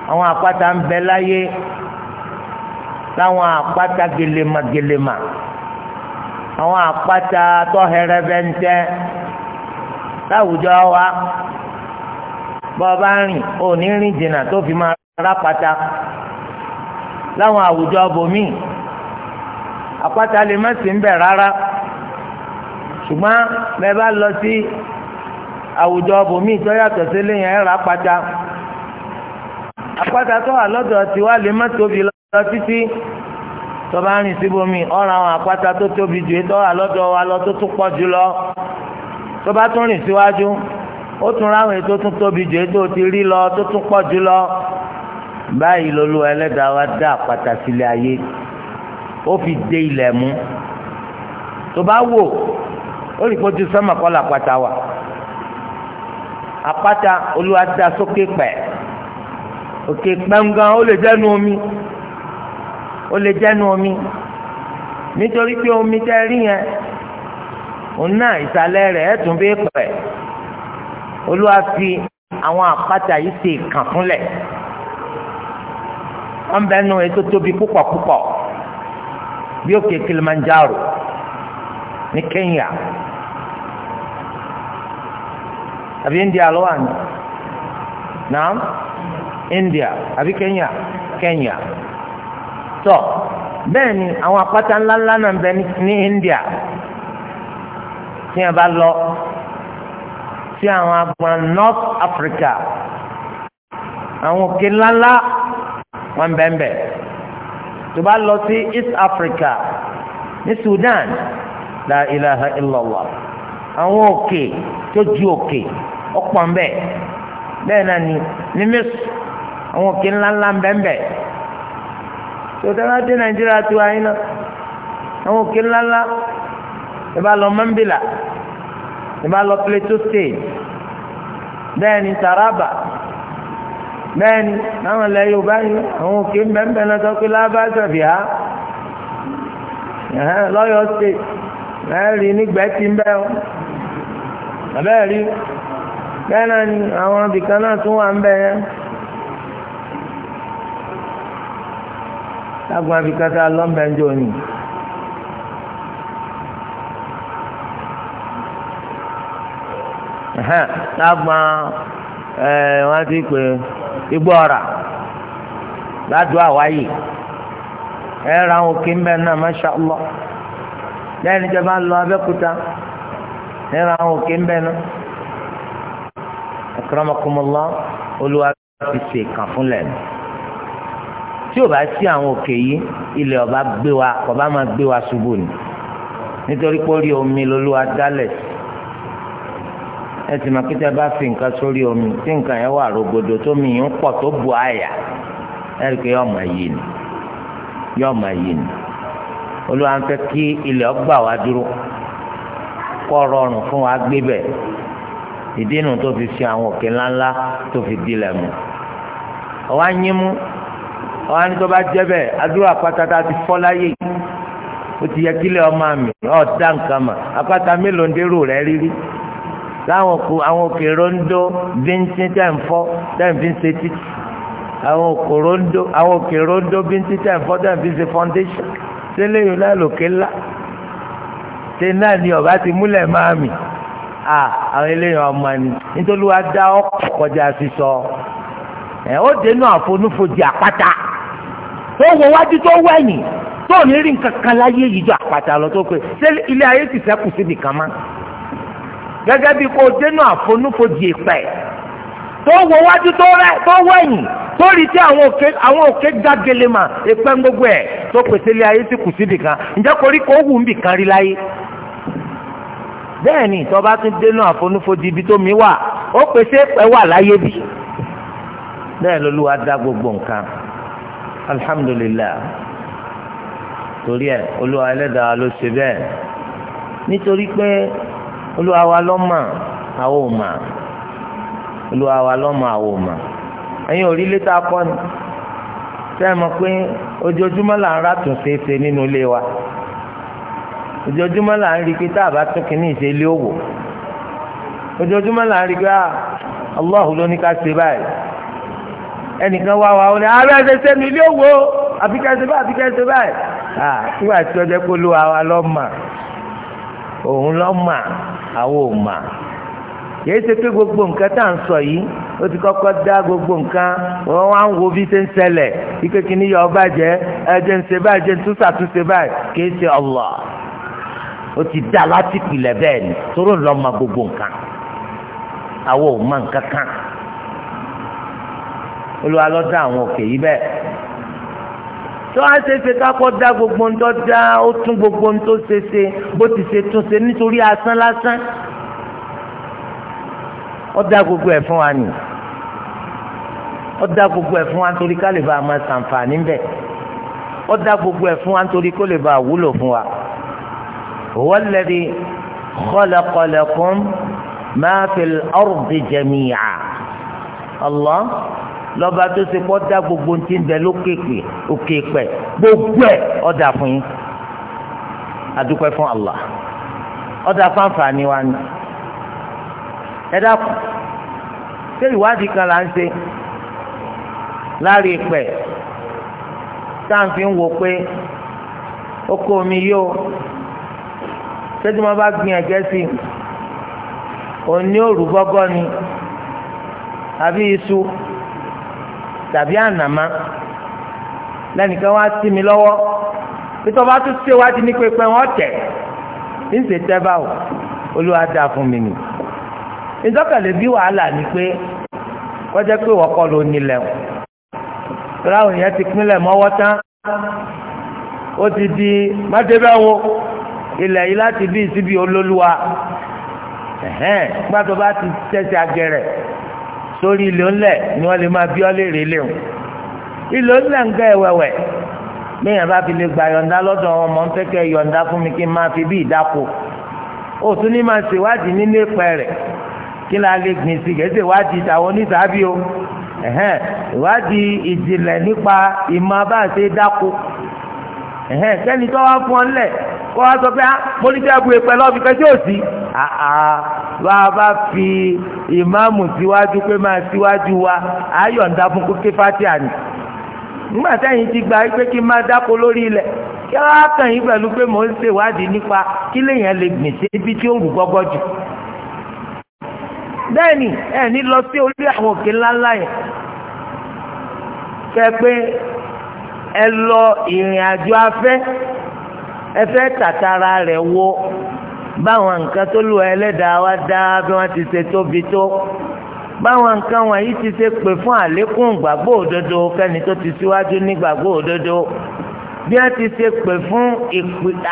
[SPEAKER 1] àwọn àpáta ń bẹ láyé láwọn àpáta gelemàgelema àwọn àpáta tọ́hẹrẹ bẹ́ńtẹ́ láwùjọ wa bọ́ ọ bá rìn ò ní rìn jìnnà tó fi máa rápata láwọn àwùjọ bòmíì àpáta lè má sí ń bẹ rárá ṣùgbọ́n bẹ́ẹ̀ bá lọ sí. Si, àwùjọ bòmíì tó yàtọ̀ sí lẹ́yìn ẹ̀rọ apáta apáta tó wà lọ́dọ̀ tiwa lè má tóbi lọ títí tó bá rìn síbòmíì ọ̀ràn àwọn apáta tó tóbi jù tó wà lọ́dọ̀ wa lọ tó tún pọ̀ jù lọ tó bá tún rìn síwájú ó tún ráwọn ètò tún tóbi jù tó ti rí lọ tó tún pọ̀ jù lọ báyìí lolú ẹlẹ́dàá wa dá àpáta sílẹ̀ ayé ó fi dé ilẹ̀ mú tó bá wò ó rí i pé sọ́mọ̀ kọ́ làpáta wà àpáta olúwa dá sókè pẹ̀ òkè pẹ́ǹgàn ó lè jẹ́nu omi ó lè jẹ́nu omi nítorí pé omi tẹ́ rí yẹn òun náà ìsàlẹ̀ rẹ̀ ẹ̀ tún fi pẹ̀ olúwa fi àwọn àpáta yìí ṣe ìkàn fúnlẹ̀ wọ́n bẹ nu ètò tóbi púpọ̀ púpọ̀ bí òkè Kilimanjaro ní Kenya àbí India ló wà ní India àbí Kenya Kenya tọ bẹ́ẹ̀ ni àwọn àpáta ńláńlá náà ń bẹ ní India tí a bá lọ sí àwọn agbọn North Africa àwọn òkè ńláńlá wọn bẹ ń bẹ tó bá lọ sí East Africa ní Sudan la ilaha illallah àwọn òkè tó ju òkè ọ̀pọ̀ ń bẹ̀ bẹ́ẹ̀ náà ni ní mẹ́sù àwọn òkè ńláńlá ń bẹ́ẹ̀ bẹ́ẹ̀ tòtẹ́lá dé nàìjíríà tó ayé náà àwọn òkè ńláńlá ẹ bá lọ mambila ẹ bá lọ plateau state bẹ́ẹ̀ ni taraba bẹ́ẹ̀ ni àwọn ilẹ̀ yorùbá yìí àwọn òkè mbẹ́mbẹ́ náà sọ pé lábàṣà bìá state ẹ̀ rí nígbẹ́ tí ń bẹ́ ọ rí bẹ́ẹ̀ ni àwọn ibìkan náà tún wà ń bẹ̀ yẹn. lágbọn abìkan tá a lọ ń bẹ̀ ń jò ní. lágbọn wọ́n ti pè igbó ọ̀rà ládùú àwáyé ẹ ra àwọn òkè ń bẹ̀ náà masha Allah ni ìjọba ń lọ abẹ́kúta ẹ ra àwọn òkè ń bẹ̀ náà akramakumullah olúwa ti ṣe kàn fúnlẹ̀ mi tí o bá sí àwọn òkè yìí ilẹ̀ ọba gbé wa ọba máa gbé wa ṣubú ni nítorí pé orí omi lolúwa dálẹ̀ ẹ sì máa pété bá fi nǹkan sórí omi tí nǹkan yẹn wà rògbòdò tó mi yìí ń pọ̀ tó bu àyà ẹ rí i pé yọ ọmọ yìí ni yọ ọmọ yìí ni olúwa ń fẹ́ kí ilẹ̀ ọgbà wa dúró kọ́ rọrùn fún wa gbé bẹ́ẹ̀ ìdí nu tó fi fi àwọn òkè ńláńlá tó fi di lẹ̀ mú ọwọ́ anyimu ọwọ́ anyi tó bá jẹ́ bẹ́ẹ̀ adúrà pátátá ti fọ́ láyé o ti yẹ kílẹ̀ ọmọ mi ọ̀dà nǹkan mà apáta mélòó ń dérò rẹ rírí láwọn kò àwọn òkè rondo bíntín tẹ̀ ń ṣe títì àwọn òkè rondo àwọn òkè rondo bíntín tẹ̀ ń ṣe foundation ṣé léyìn náà lòkè ńlá ṣe náà ni ọba ti múlẹ̀ máa mì. à àwọn eléyìí ọmọ ni nítorí wàá dá ọkọ̀ kọjá sọ, ẹ̀ ó dénú àfonúfojì àpáta tó wọ wájú tó wẹ̀yìn tó ní rí nǹkan kan láyé yìí jọ àpáta lọ tó pé ṣé ilé ayé ti sẹ́kù síbi kan mọ́ gẹ́gẹ́ bí kò dénú àfonúfojì ìpẹ́ tó wọ wájú tó wẹ̀yìn tó rí tí àwọn òkè gágele mà ìpẹ́ gbogbo ẹ̀ tó pèsè ilé ayé ti kù síbi kan ǹjẹ́ bẹ́ẹ̀ ni tó bá tún dénú àfonúfojì ibi tó mi wà ó pèsè ẹ wà láyé bí bẹ́ẹ̀ lolúwa dá gbogbo nǹkan alhamdulilayi torí ẹ olúwa ẹlẹ́dàá ló ṣe bẹ́ẹ̀ nítorí pé olúwa wa lọ́mọ àwọn ò mà olúwa wa lọ́mọ àwọn ò mà ẹ̀yin òrílẹ̀ tá a kọ́ ni sẹ́ẹ̀ mọ̀ pé ojoojúmọ́ là ń rà tún ṣe é ṣe nínú ilé wa ojoojúmọ́ là ń rí i pé tá a bá tún kínní ìṣe ilé òwò ojoojúmọ́ là ń rí i pé ah, Allah ló ní ká ṣe báyìí ẹnìkan wá wa ó ní ààrẹ ẹsẹ sẹnu ilé òwò àfikẹ́ ẹsẹ báyìí àfikẹ́ ẹsẹ báyìí ah, nígbà tí ọjọ́ pé olúwa wa lọ́ mà òun lọ́ mà àwọn ò mà yìí ṣe pé gbogbo nǹkan tá à ń sọ yìí ó ti kọ́kọ́ dá gbogbo nǹkan wọ́n wá ń wo bí ṣe ń ṣẹlẹ̀ ike kìíní yọ ọ bàjẹ́ ẹ jẹ́ ń ṣe báyìí jẹ́ ń tún ṣàtúnṣe báyìí kì ṣe Allah ó ti dá láti pìlẹ̀ bẹ́ẹ̀ ni toró ń lọ ma gbogbo nǹkan àwọn ò mọ nǹkan kan olúwa lọ dá àwọn òkè yìí bẹ́ẹ̀ tó a ṣe ṣe kakọ da gbogbo ńtọ da ó tún gbogbo ńtọ ṣe ṣe bó ti ṣe tún ṣe nítorí asán lásán ó dá gbogbo ẹ̀ fún wa nì ó dá gbogbo ẹ̀ fún wa nítorí ká máa ṣàǹfààní bẹ́ẹ̀ ó dá gbogbo ẹ̀ fún wa nítorí kó lè bá a fún wa. هو الذي خلق لكم ما في الأرض جميعا الله lọba tó ṣe kọ́ dá gbogbo ti ń bẹ lókèpè òkèpè gbogbo ẹ̀ ọ̀dà fún yín adúpẹ́ fún Allah ọ̀dà fáǹfààní wa ni ẹ dákun ṣé ìwádìí kan là ń ṣe láàrin ìpẹ́ tá à ń fi ń wo pé ó kó omi yóò tẹ́tí wọn bá gbin ẹ̀jẹ̀ sí i òní òrù gbọ́gọ́ ni àbí iṣu tàbí ànàmá lẹ́nìkan wá sí mi lọ́wọ́ pété ọba tó ṣe wá di ní pẹpẹ wọn tẹ̀ ń ṣe tẹ́ báwò olúwa dá fún mi nì ìdọ́kẹ̀lẹ̀ bí wàhálà ni pé wọ́n jẹ́ pé wọ́n kọ́ ló nílẹ̀ o ráhùn yẹn ti pínlẹ̀ mọ́wọ́ tán ó ti di má débẹ̀ ilẹ̀ yìí láti bí síbi olólùwà gbàtọ́ bá ti tẹ̀sí agẹrẹ sórí ilé ńlẹ̀ ni wọ́n lè máa bí ọ́ léèrè léwu ilé ńlẹ̀ ń gẹ́ ẹ̀wẹ̀wẹ̀ bẹ́ẹ̀yàn bá fi lè gba yọ̀ǹda lọ́dọ̀ àwọn ọmọ ńfẹ́kẹ́ yọ̀ǹda fún mi kí n máa fi bí ìdáko òtún ní máa ṣèwádìí nílé pẹ́ kí la lè gbìn sí kẹ́sì ìwádìí tàwọn oníṣàábí o ìwádìí ìjìnlẹ̀ nípa ìmọ̀ bá dáko ẹ̀hẹ́n kẹ́ni tó wá fún ọ lẹ̀ kó wá sọ pé á ah, ní bu a bá fi ìmáàmù síwájú pé máa síwájú wa ayọ̀ ń dá fún kókè fátíà ni. nígbà táyìn ti gba pé kí n máa dáko lórí ilẹ̀ kí wọ́n á kàn yín pẹ̀lú pé mò ń ṣèwádìí nípa kí lèèyàn lè gbìn sí ibi lọ sí orí àwọn òkè ńláńlá yẹn kẹ ẹ lọ ìrìn àjò afẹ́ ẹ fẹ́ tàtàrà rẹ̀ wo báwọn nǹkan tó lù ẹlẹ́dàá wa dá bí wọ́n ti ṣe tóbi tó báwọn nǹkan wọ̀nyí ti ṣe pè fún àlékún ìgbàgbọ́ òdodo fẹ́ni tó ti síwájú nígbàgbọ́ òdodo bí wọ́n ti ṣe pè fún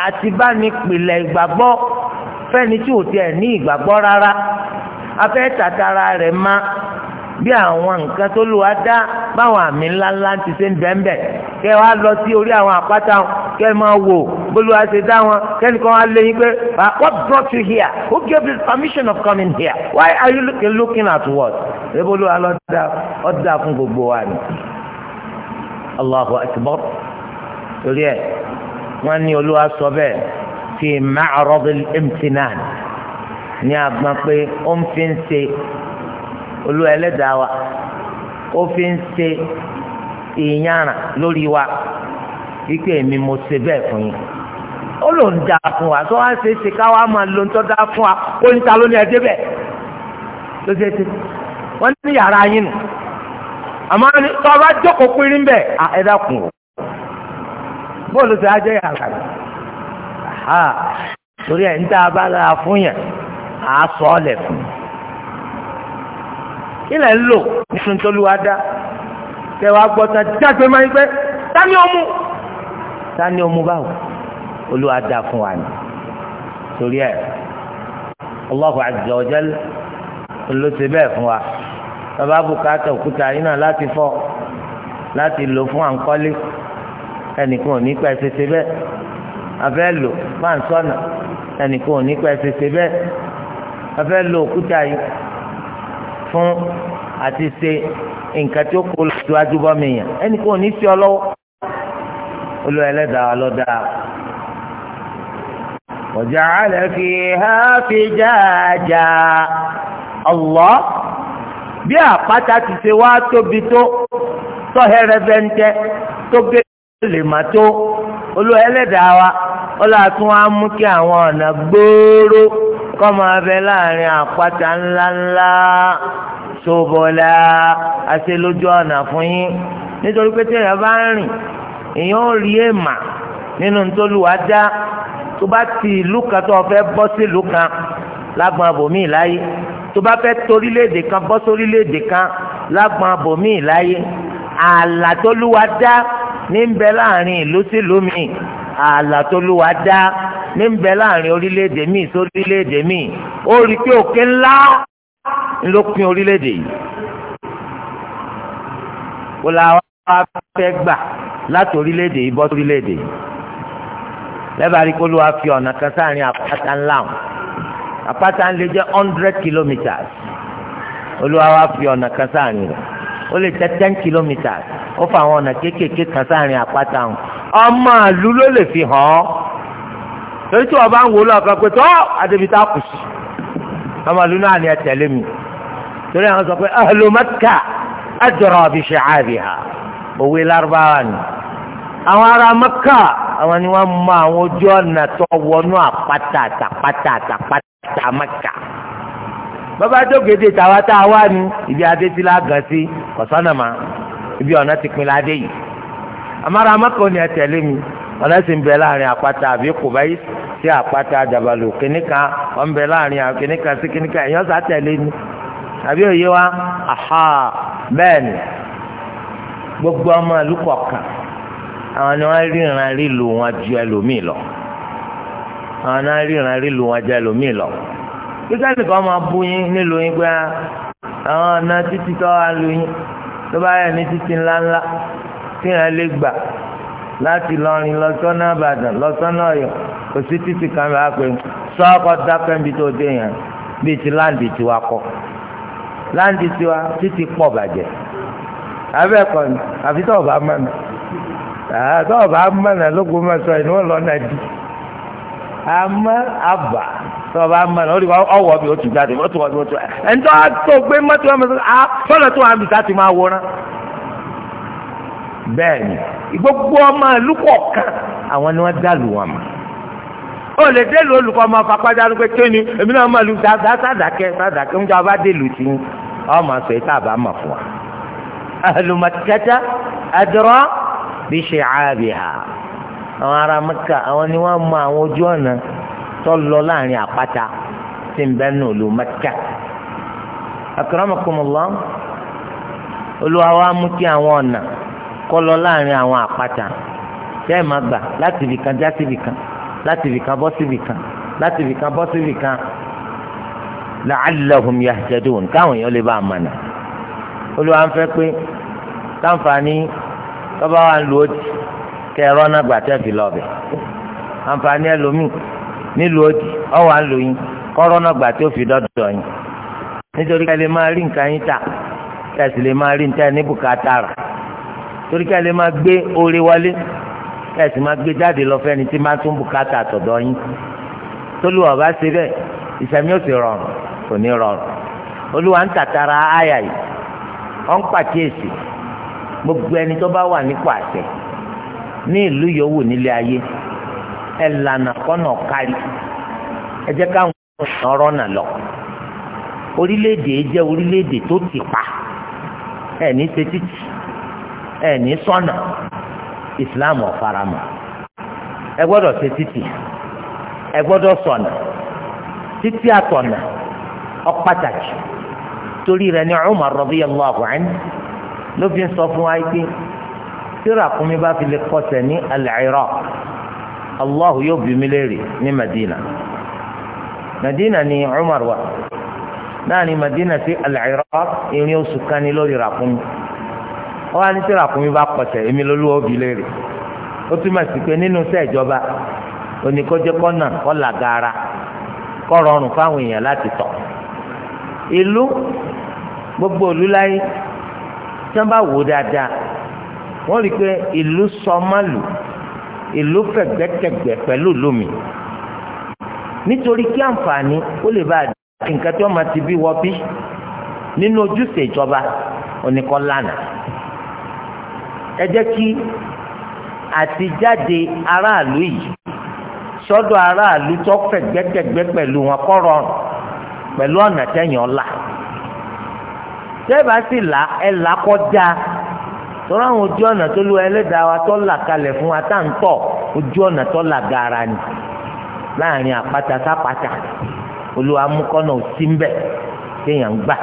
[SPEAKER 1] àtibánipìlẹ̀ ìgbàgbọ́ fẹ́ni tí ò tiẹ̀ ní ìgbàgbọ́ rárá afẹ́ tàtàrà rẹ̀ máa bí àwọn nǹkan tó lù wá dá báwọn àmì ńláńlá ti ṣe ń bẹ́ńbẹ́ kẹ wá lọ sí orí àwọn àpáta kẹ máa wò bólúwa ṣe dá wọn kẹ́nìkan wá lé yín pé ah, what brought you here who gave you permission of coming here why are you looking, looking at what ebólúwa lọ dá ọ dá fún gbogbo wa ni allahu akbar torí ẹ wọn ní olúwa sọ bẹ́ẹ̀ fi ma'arad al-imtinan ní agbọn pé ó ń fi ń ṣe. olú ẹlẹ́dàá wa ó fi ń ṣe ìyára lórí wa wípé mo ṣe bẹ́ẹ̀ fún yín ó lò ń wa tó wá ṣe é ṣe káwá máa lo ń tọ́ da fún wa ó ń ta lónìí ẹ débẹ̀ ló ṣe yara wọ́n ní yàrá yín nù àmọ́ ní o bá jókòó pínrín bẹ́ẹ̀ à ẹ dákun o bóòlù tó a jẹ́ yàrá rẹ̀ torí ẹ̀ ń tá a bá fún yẹn à á sọ ọ́ ilẹ̀ ń lò nísun tó lùwà dá tẹ wàá gbọ́ tán jágbe máa ń gbé tani ọmú tani ọmú báwo olúwa dá fún wa ni torí ẹ Allahu azza wa jal ló ṣe bẹ́ẹ̀ fún wa bàbá bùkátà òkúta iná láti fọ́ láti lò fún àǹkọ́lé ẹnìkan ò ní pa ẹ̀ ṣẹṣẹ bẹ́ẹ̀ afẹ́ lò fáǹsọ́nà ẹnìkan ò ní pa ẹ̀ ṣẹṣẹ bẹ́ẹ̀ afẹ́ lò òkúta yìí fún àti ṣe nǹkan tí ó kó lọ́síwájú bọ́ mi yàn ẹnì kan ò ní fi ọ lọ́wọ́ olú ẹlẹ́dàá ló dáa. وجعل فيها فجاجا الله bí àpáta ti ṣe wá tóbi tó tọ́hẹ́rẹ́fẹ́ńtẹ́ tó gé lè má tó olú ẹlẹ́dàá wa ọlọ́àtún wa mú kí àwọn ọ̀nà gbòòrò kọ́ máa bẹ láàrin àpáta ńláńlá ṣòbọ̀lá àti lójú ọ̀nà fún yín nítorí pé tí èèyàn bá ń rìn èèyàn ò rí èèmà nínú ntòlúwa dá tó bá ti ìlú kan tó fẹ́ bọ́ sí ìlú kan lágbọn abòmíì láyé tó bá fẹ́ torílẹ̀-èdè kan bọ́ sórílẹ̀-èdè kan lágbọn abòmíì láyé ààlà tólúwa dá ní ń bẹ láàrin ìlú sí ìlú míì ààlà tó lúwa dá ní ń bẹ láàrin orílẹ̀-èdè míì sí orílẹ̀-èdè míì ó rí i pé òkè ńlá ló pín orílẹ̀-èdè yìí. kó la wá fẹ́ gbà láti orílẹ̀-èdè yìí bọ́ sí orílẹ̀-èdè yìí. lẹ́bàá rí i pé fi ọ̀nà kan sáàrin àpáta ńlá hàn àpáta ń jẹ́ hundred kilometres olúwa wá fi ọ̀nà kan sáàrin rẹ̀ ó lè tẹ ten kilometres ó fa àwọn ọ̀nà kéékèèké kan sáàrin àpáta hàn ọmọ àlú ló lè fi hàn ọ́ torí tí wọ́n bá ń wò lọ́ọ̀ kan pé tó àdébítà kù sí ọmọ àlú náà ni ẹ tẹ̀lé mi torí àwọn sọ pé ahlu Makkah adra bi shi'abiha òwe lárúbáwá ni àwọn ará Mẹ́kà àwọn ni wọ́n mọ àwọn ojú ọ̀nà tó wọnú àpáta àtàpáta àtàpáta Mẹ́kà bàbá dógede tàwa tá a wá ní ibi adé tí la gàn sí kọ̀sánàmà ibi ọ̀nà ti pin ládé yìí amára amákan ni ẹ tẹ̀lé mi ọ̀nà sì ń bẹ láàrin àpáta àbí kò báyìí sí àpáta àdàbàlò kìnìkan ọ̀n bẹ láàrin kìnìkan sí kìnìkan èèyàn sá tẹ̀lé ni àbí òye wa aha bẹ́ẹ̀ ni gbogbo ọmọ ìlú kọ̀ọ̀kan àwọn ni wọ́n ríran rí lu wọn ju ẹlòmíì lọ àwọn ni wọ́n ríran rí lu wọn ju ẹlòmíì lọ. kíkẹ́ nìkan máa bú yín nílùú yín pé àwọn ọ̀nà títí tó wà lù yín tó bá yẹ ní títí ńláńlá tí yẹn lè gbà láti lọrin lọ́sọ́nà àbàdàn lọ́sọ́nà ọ̀yọ́ kò sí títí kan bá dákẹ́ níbi tó dé yẹn bíi ti láǹdì tiwa kọ́ láǹdì tiwa títí pọ̀ bàjẹ́ abẹ́ẹ̀kọ́ ni àfi tó ọba mọ́nà tó ọba náà di tọba mọ ọ rí ọwọ́ bí o tún jáde o tún wọ bí o tún ẹ ntọ́ tó gbé mọ́tò ọmọ sọ ah fọlọ tó wà mí sá ti máa wòran. bẹ́ẹ̀ni gbogbo ọmọ ìlú kọ̀ọ̀kan àwọn ni wọ́n dàlù wọn mọ́ ó lè dé lu olùkọ́ ọmọ fapájá ló pé kí ni èmi náà máa lu dáadáa sádàkẹ́ sádàkẹ́ ń jẹ́ ọba dé lu tì ń ọmọ sọ èyí tá a bá mọ̀ fún wa. àlùmọ̀tẹ́tẹ́ ẹ̀dọ́rọ́ bí ṣe àábì àwọn ará mẹ́ka àwọn ni wọ́n mọ àwọn ojú ọ̀nà tọ́lọ láàrin àpáta tí ń bẹ́ nù lù Mẹ́kà. akramakumullah olúwa wa mú kí àwọn ọ̀nà kọ́ lọ láàrin àwọn àpáta tẹ́ ẹ̀ máa gbà láti ibìkan já sí ibìkan láti ibìkan bọ́ sí ibìkan láti ibìkan bọ́ sí ibìkan la'allahum yahtadun káwọn èèyàn lè bá a mọ̀nà olúwa ń fẹ́ pé táǹfààní tọ́ba wa ń lò ó kẹ́ ẹ̀rọ náà gbà tẹ́ fi lọ bẹ̀ àǹfààní ẹlòmíì nílùú òdì ọwà ń lò yín kọ́rọ́nà gbà tí ó fi dọ́dọ̀ yín nítorí ká lè máa rí nǹkan yín tà ká lè máa rí nǹkan ní bùkátà rà torí ká lè máa gbé oore wọlé ká máa gbé jáde lọ fẹ́ni tí máa tún bùkátà tọ̀dọ̀ yín bá ṣe bẹ́ẹ̀ ìsẹ̀mí ò sì gbogbo ẹni tó bá wà nípò àṣẹ ní ìlú yòówù nílé ẹ kọ́nà kárí ẹ jẹ́ káwọn ọ̀rọ̀ lọ orílẹ̀-èdè jẹ́ orílẹ̀-èdè tó ti pa ẹ ní ṣe Islam ọ̀faramọ̀ ẹ gbọ́dọ̀ ṣe ẹ gbọ́dọ̀ sọ̀nà títí àtọ̀nà ọ̀pàtàkì torí rẹ̀ ní Umar radiyallahu anhu ló fi ń sọ fún wa pé tí ràkúnmí bá fi lè allahu yóò bí mi léèrè ní madina madina ni umar wa láàrin madina sí al-iraq ìrìn oṣù kan ní lórí ràkúnmí wọn á ní tí ràkúnmí bá pọ̀sẹ̀ èmi lolúwa bí léèrè ó túmọ̀ sí pé nínú iṣẹ́ ìjọba oníkọ́jẹ́ kọ́nà kọ́là gaara kọ́ rọrùn fáwọn èèyàn láti tọ̀ ìlú gbogbo ìlú láyé tí wọ́n bá wò dáadáa wọ́n rí i pé ìlú sọmọ́lù. So ìlú fẹ̀gbẹ́tẹ̀gbẹ́ pẹ̀lú lómi nítorí kí àǹfààní ó lè bá nǹkan tí wọ́n máa ti bí wọ́n bí nínú ojúṣe ìjọba oníkọ́ lánàá ẹ jẹ́ kí àtijáde aráàlú yìí sọ́dọ̀ aráàlú tó fẹ̀gbẹ́tẹ̀gbẹ́ pẹ̀lú wọn kọ́ rọrùn pẹ̀lú ọ̀nà tẹ̀yìn ọ̀la tẹ́ẹ̀bá sì là ẹ̀ là kọjá tọ́lá àwọn ojú ọ̀nà tó lu ẹlẹ́dàá wa tó là kalẹ̀ fún wa tá à ń tọ̀ ojú ọ̀nà tó là gaara ni láàrin àpáta sápáta olúwa mú kọ́nà òsì ń bẹ̀ kéèyàn ń gbà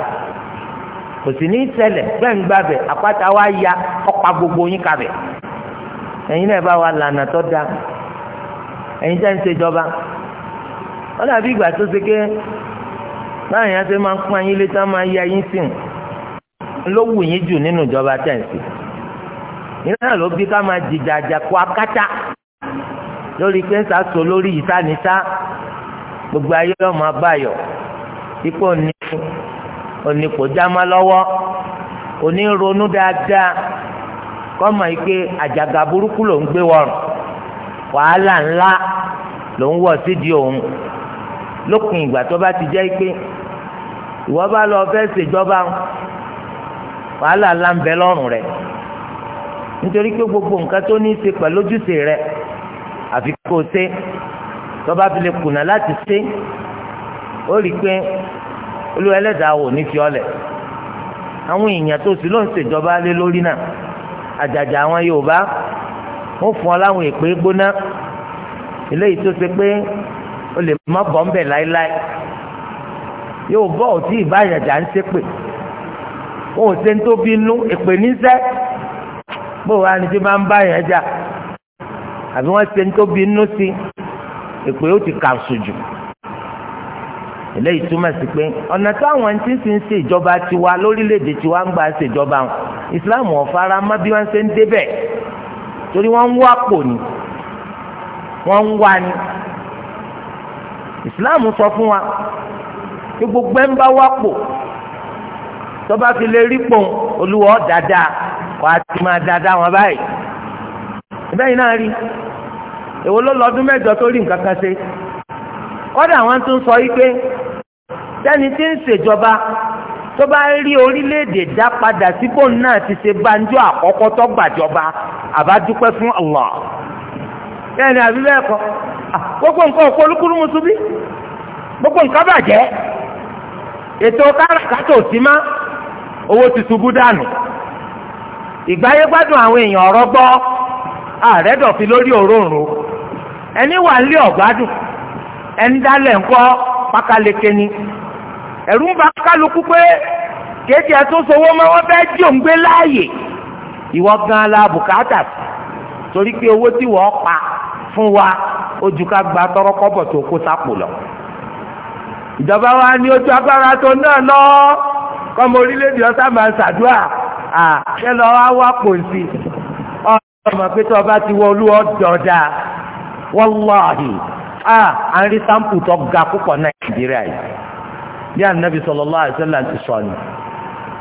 [SPEAKER 1] kò sì ní í ṣẹlẹ̀ bẹ́ẹ̀ ń gbà bẹ̀ àpáta wa ya ọ̀pá gbogbo yín kabẹ̀ ẹ̀yin náà bá wa lànà tó da ẹ̀yin tẹ́ ń ṣèjọba wọ́n dàbí ìgbà tó ṣe ké báyìí á máa ń pọ́n ayín létí á máa ya yín sìn ló wù yín jù nínú ìjọba tẹ̀sí iná náà ló bí ká máa jìjà àjàkú akátá lórí pé ń sá so lórí yìí sá sá gbogbo ayé ọmọ abáyọ ipò ní òní kò já má lọ́wọ́ òní ronú dáadáa kọ́mọ yìí pé àjàgà burúkú ló ń gbé wọ̀rùn wàhálà ńlá ló ń wọ̀ sídìí òun lópin ìgbà tó bá ti jẹ́ pé ìwọ bá lọ fẹ́ ṣèjọba wàhálà ńlá ń bẹ lọ́rùn rẹ̀ nítorí pé gbogbo nǹkan tó ní í ṣe pẹ̀lú ojúṣe rẹ àfi kó o ṣe tó bá fi lè kùnà láti ṣe ó rí i pé olúwa ẹlẹ́dàá wò ní fiọ́lẹ̀ àwọn èèyàn tó sì ló ń ṣèjọba lé lórí náà àjàjà àwọn Yorùbá ó fún ọ láwọn èpè gbóná eléyìí tó ṣe pé o lè má bọ̀ ń bẹ̀ láéláé yóò bọ̀ ò tí ì àjàjà ń ṣépè wọn ò ṣe ń tó bínú èpè níṣẹ́ bó wa ni tí bá ń bá yẹn jà àbí wọ́n ṣe ń tóbi inú sí èpè ó ti kà sùjù eléyìí túmọ̀ sí pé ọ̀nà táwọn tí ń sin ṣe ìjọba tiwa lórílẹ̀‐èdè tiwa ń gbà ṣe ìjọba wọn Islam ọ̀fara mọ́ bí wọ́n ṣe ń débẹ̀ torí wọ́n ń wá pò ní wọ́n ń wá ní Islam sọ fún wa pé gbogbo ẹ̀ ń bá wá pò tó bá fi lè rí pò olúwa ọ̀ dáadáa wàá ti máa dáadáa wọn báyìí ìbẹ́yìn náà rí èwo ló lọ́dún mẹ́jọ tó rí nǹkan kan ṣe kọ́dà wọn tún sọ wípé sẹ́ni tí ń ṣèjọba tó bá rí orílẹ̀-èdè dá padà sípò náà ti ṣe banjọ́ àkọ́kọ́ tó gbàjọba àbádúpẹ́ fún Allah bẹ́ẹ̀ ni àbí bẹ́ẹ̀ kọ́ gbogbo nǹkan òkú olúkúrú mùsùlùmí gbogbo nǹkan bàjẹ́ ètò káràkátà ò sí má owó ti ṣubú dànù ìgbáyé gbádùn àwọn èèyàn ọ̀rọ̀ gbọ́ ààrẹ dọ̀fi lórí òróǹro ẹni wà ń lé ọ̀gbádùn ẹni dálẹ̀ ńkọ́ pákáleke ni ẹ̀rú ń ba kálukú pé kéèké ẹ̀ tó sowó mọ́ wọ́n fẹ́ jí òun gbé láàyè ìwọ gan la bùkátà torí pé owó tí wọ́n pa fún wa ojú ká gba tọrọ kọ́bọ̀ tó kó sápò lọ ìjọba wa ni ojú agbára tó náà lọ kọ́mọ orílẹ̀-èdè ọ̀sán máa ń ṣàdúrà àṣẹlọ wá pòǹsì ọmọ pé tí ọba ti wọ olúwa dọ̀dà wọ́láhì à ń rí sáǹpù tó ga púpọ̀ nàìjíríà yìí bí ànábì sallallahu alaihi wasallam ti sọ ni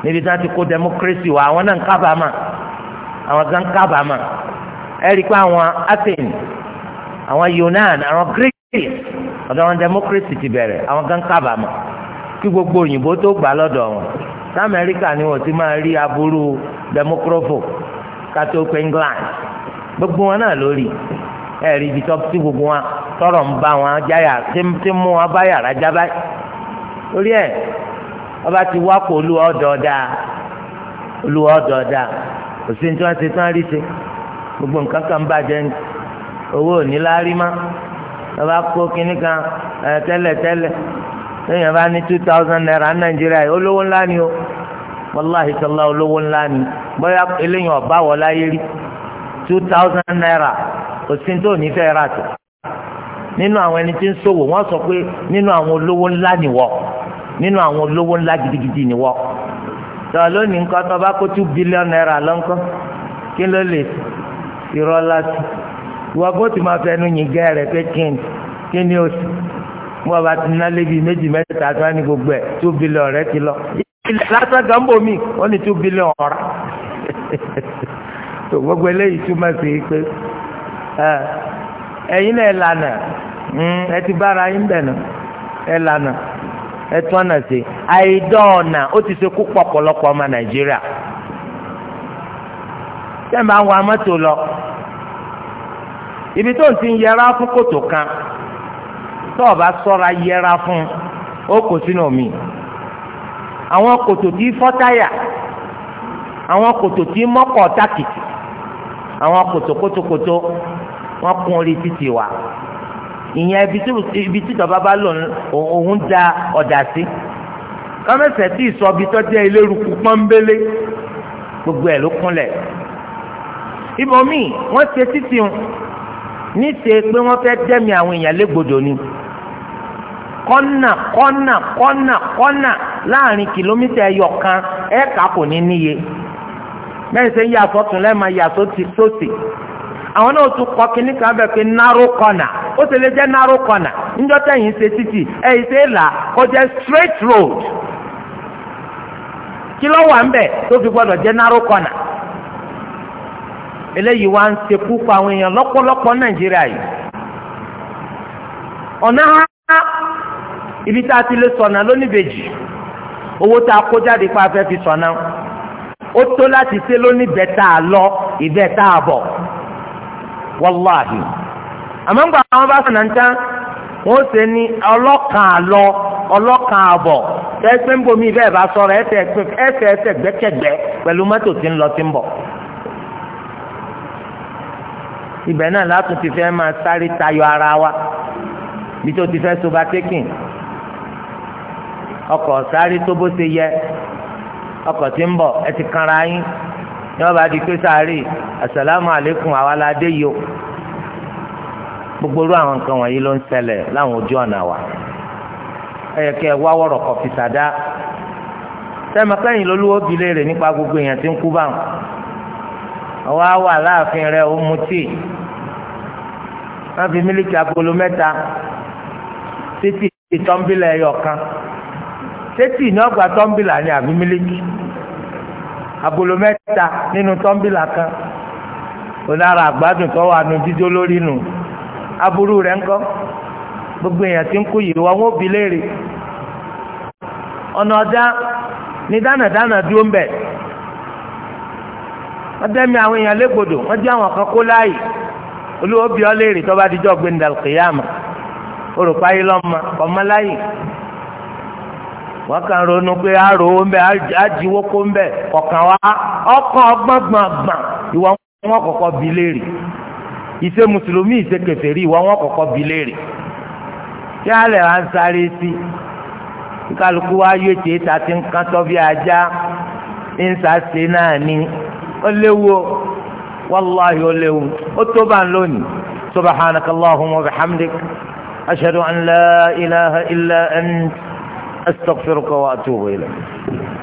[SPEAKER 1] níbi tí wọ́n ti kó democracy wá àwọn náà ń kábàámà àwọn gan kábàámà ẹ rí i pé àwọn Athens àwọn Yunan àwọn Greece ọ̀dọ̀ àwọn democracy ti bẹ̀rẹ̀ àwọn gan kábàámà kí gbogbo òyìnbó tó gbà lọ́dọ̀ wọn lamẹ́ríkà ni wọ́n ti máa rí aburú democrofo kátó pé England gbogbo wọn náà lórí ẹ̀rí ibi tó ti gbogbo wọn tọrọ ń bá wọn jáyà tí mú wọn bá yàrá jábá lórí ẹ̀ ọba ti wá kó olú ọ̀dọ̀ọ̀dà olú ọ̀dọ̀ọ̀dà òsì tí wọ́n ti tán rí ṣe gbogbo nǹkan kan bàjẹ́ ní owó ò ní láárí má ọba kó kinní kan tẹ́lẹ̀ tẹ́lẹ̀ lẹ́yìn bá ní two thousand naira ní nàìjíríà yìí olówó ńlá ni o wàláhi sọlá olówó ńlá ni bóyá eléyìí ọba wọlá yé rí two thousand naira òsín tó ní fẹ́ rà tó nínú àwọn ẹni tí ń ṣòwò wọ́n sọ pé nínú àwọn olówó ńlá ni wọ́ nínú àwọn olówó ńlá gidigidi ni wọ́ tọ́ lónìí nǹkan tó bá kó two billion naira lọ́nkọ́ kí ló lè irọ́ láti ìwà bó ti máa pé kí ni sì. wọn bá ti ná lébi méjì mẹ́ta tó wá ní gbogbo ẹ̀ tó bílíọ̀n rẹ ti lọ ilẹ̀ lásán kan mi, ó ní tó ọ̀rá tó gbogbo eléyìí túmọ̀ sí pé ẹ̀yin náà ẹ̀ hmm, ẹ ti bára yín bẹ̀ nà ẹ̀ lànà tún ọ̀nà sí àìdọ́ọ̀nà ó ti ṣe kú pọ̀ ọmọ Nàìjíríà ń wa mọ́tò lọ ibi tó ti yẹra fún kan. tó o bá sọ́ra yẹra fún ó kò sínú omi àwọn kòtò tí fọ́ táyà àwọn kòtò tí mọ́kọ̀ tákìtì àwọn kòtò kótókótó wọ́n kún orí títì wa ìyẹn ibi tí ìjọba bá lò òun da ọ̀dà sí kọ́mẹ́sẹ̀ tí ìsọ̀bi tó jẹ́ eléruku pọ́nbélé gbogbo ẹ̀ ló kúnlẹ̀ ibòmíì wọ́n ṣe títì ń ní pé wọ́n fẹ́ dẹ́mi àwọn èèyàn légbodò ni. kọ́nà kọ́nà kọ́nà kọ́nà láàrin kìlómítà ẹyọ kan ẹ̀ka kò ní níye bẹ́ẹ̀ ṣe ń yà sọ́tún lẹ́ẹ̀ma yà sóti sósì àwọn náà tún kọ́ kínní kan bẹ̀ pé narrow corner ó sì lè jẹ́ narrow corner níjọ́ tẹ̀yìn ṣe títì ẹ̀yìn ṣe là kó jẹ́ straight road kí ló wà ń bẹ̀ tó fi gbọ́dọ̀ jẹ́ narrow corner eléyìí wá ń ṣekú pa àwọn èèyàn lọ́pọ̀lọpọ̀ Nàìjíríà yìí ọ̀nà ibi tá a ti lè sọ̀nà lónìbejì owó tá a kó jáde pa afẹ́ fi sọ̀nà ó tó láti ṣe lónìbẹ̀tà lọ ìbẹ̀tà bọ̀ wàláhì àmọ́ ńgbà àwọn bá sọ̀nà ń tán wọ́n ṣe ní ọlọ́kàn àlọ ọlọ́kàn àbọ̀ ẹsẹ̀ ń bomi bẹ́ẹ̀ bá sọ̀rọ̀ ẹsẹ̀ ẹsẹ̀ ẹsẹ̀ gbẹ́kẹ̀gbẹ́ pẹ̀lú mọ́tò tí ń lọ tí ń bọ̀. ibẹ̀ náà látún ti fẹ́ máa sáré tayọ ara wa bí tó ti fẹ́ soba taking ọkọ̀ sáré tó bó ṣe yẹ ọkọ̀ tí ń bọ̀ ẹ ti kanra yín ní wọ́n bá di pé sáré asalaamu aleykum àwa la dé yìí o gbogbo àwọn nǹkan wọ̀nyí ló ń ṣẹlẹ̀ láwọn ojú ọ̀nà wa ẹ yẹ kí ẹ wá wọ̀rọ̀ kọfí sàdá sẹ́mi kẹ́yìn lolúwo bi léèrè nípa gbogbo èèyàn tí ń kú báwọn ọwọ́ á wà láàfin rẹ̀ ó mu tíì wọ́n fi mílíkì agolo mẹ́ta títí ìtọ́ńbílẹ̀ ẹ̀yọ̀ kan. teti ní ọgbà tọ́ḿbìlà ni àbí mílíkì agolo mẹ́ta nínú tọ́ḿbìlà kan onára àgbádùn tó wà nù jíjó lórí gbogbo èèyàn ti ń kú yìí ó bi léèrè ọ̀nà ọ̀dá ni dánàdánà dúró ń bẹ̀ wọ́n dẹ́mi àwọn èèyàn légbodò wọ́n jẹ́ wọ́n kàn ronú pé a rò ó ń bẹ́ a jíwó kó ń bẹ́ ọ̀kan wa ọkàn gbọ̀ngbọ̀ngbọ̀n ìwọ wọn kọ̀kọ́ bi léèrè ìṣe mùsùlùmí ìṣe kèfèrí ìwọ wọn kọ̀kọ́ bi léèrè kí alẹ́ wa ń sáré sí kí kálukú wa yóò tẹ̀ ta ti ń kán tọ́ bí ajá ń náà ni ó léwu wàláhi ó léwu ó tó bá ń lónìí subhanakallahumma wa bihamdik ashhadu an la ilaha illa anta. أستغفرك وأتوب إليك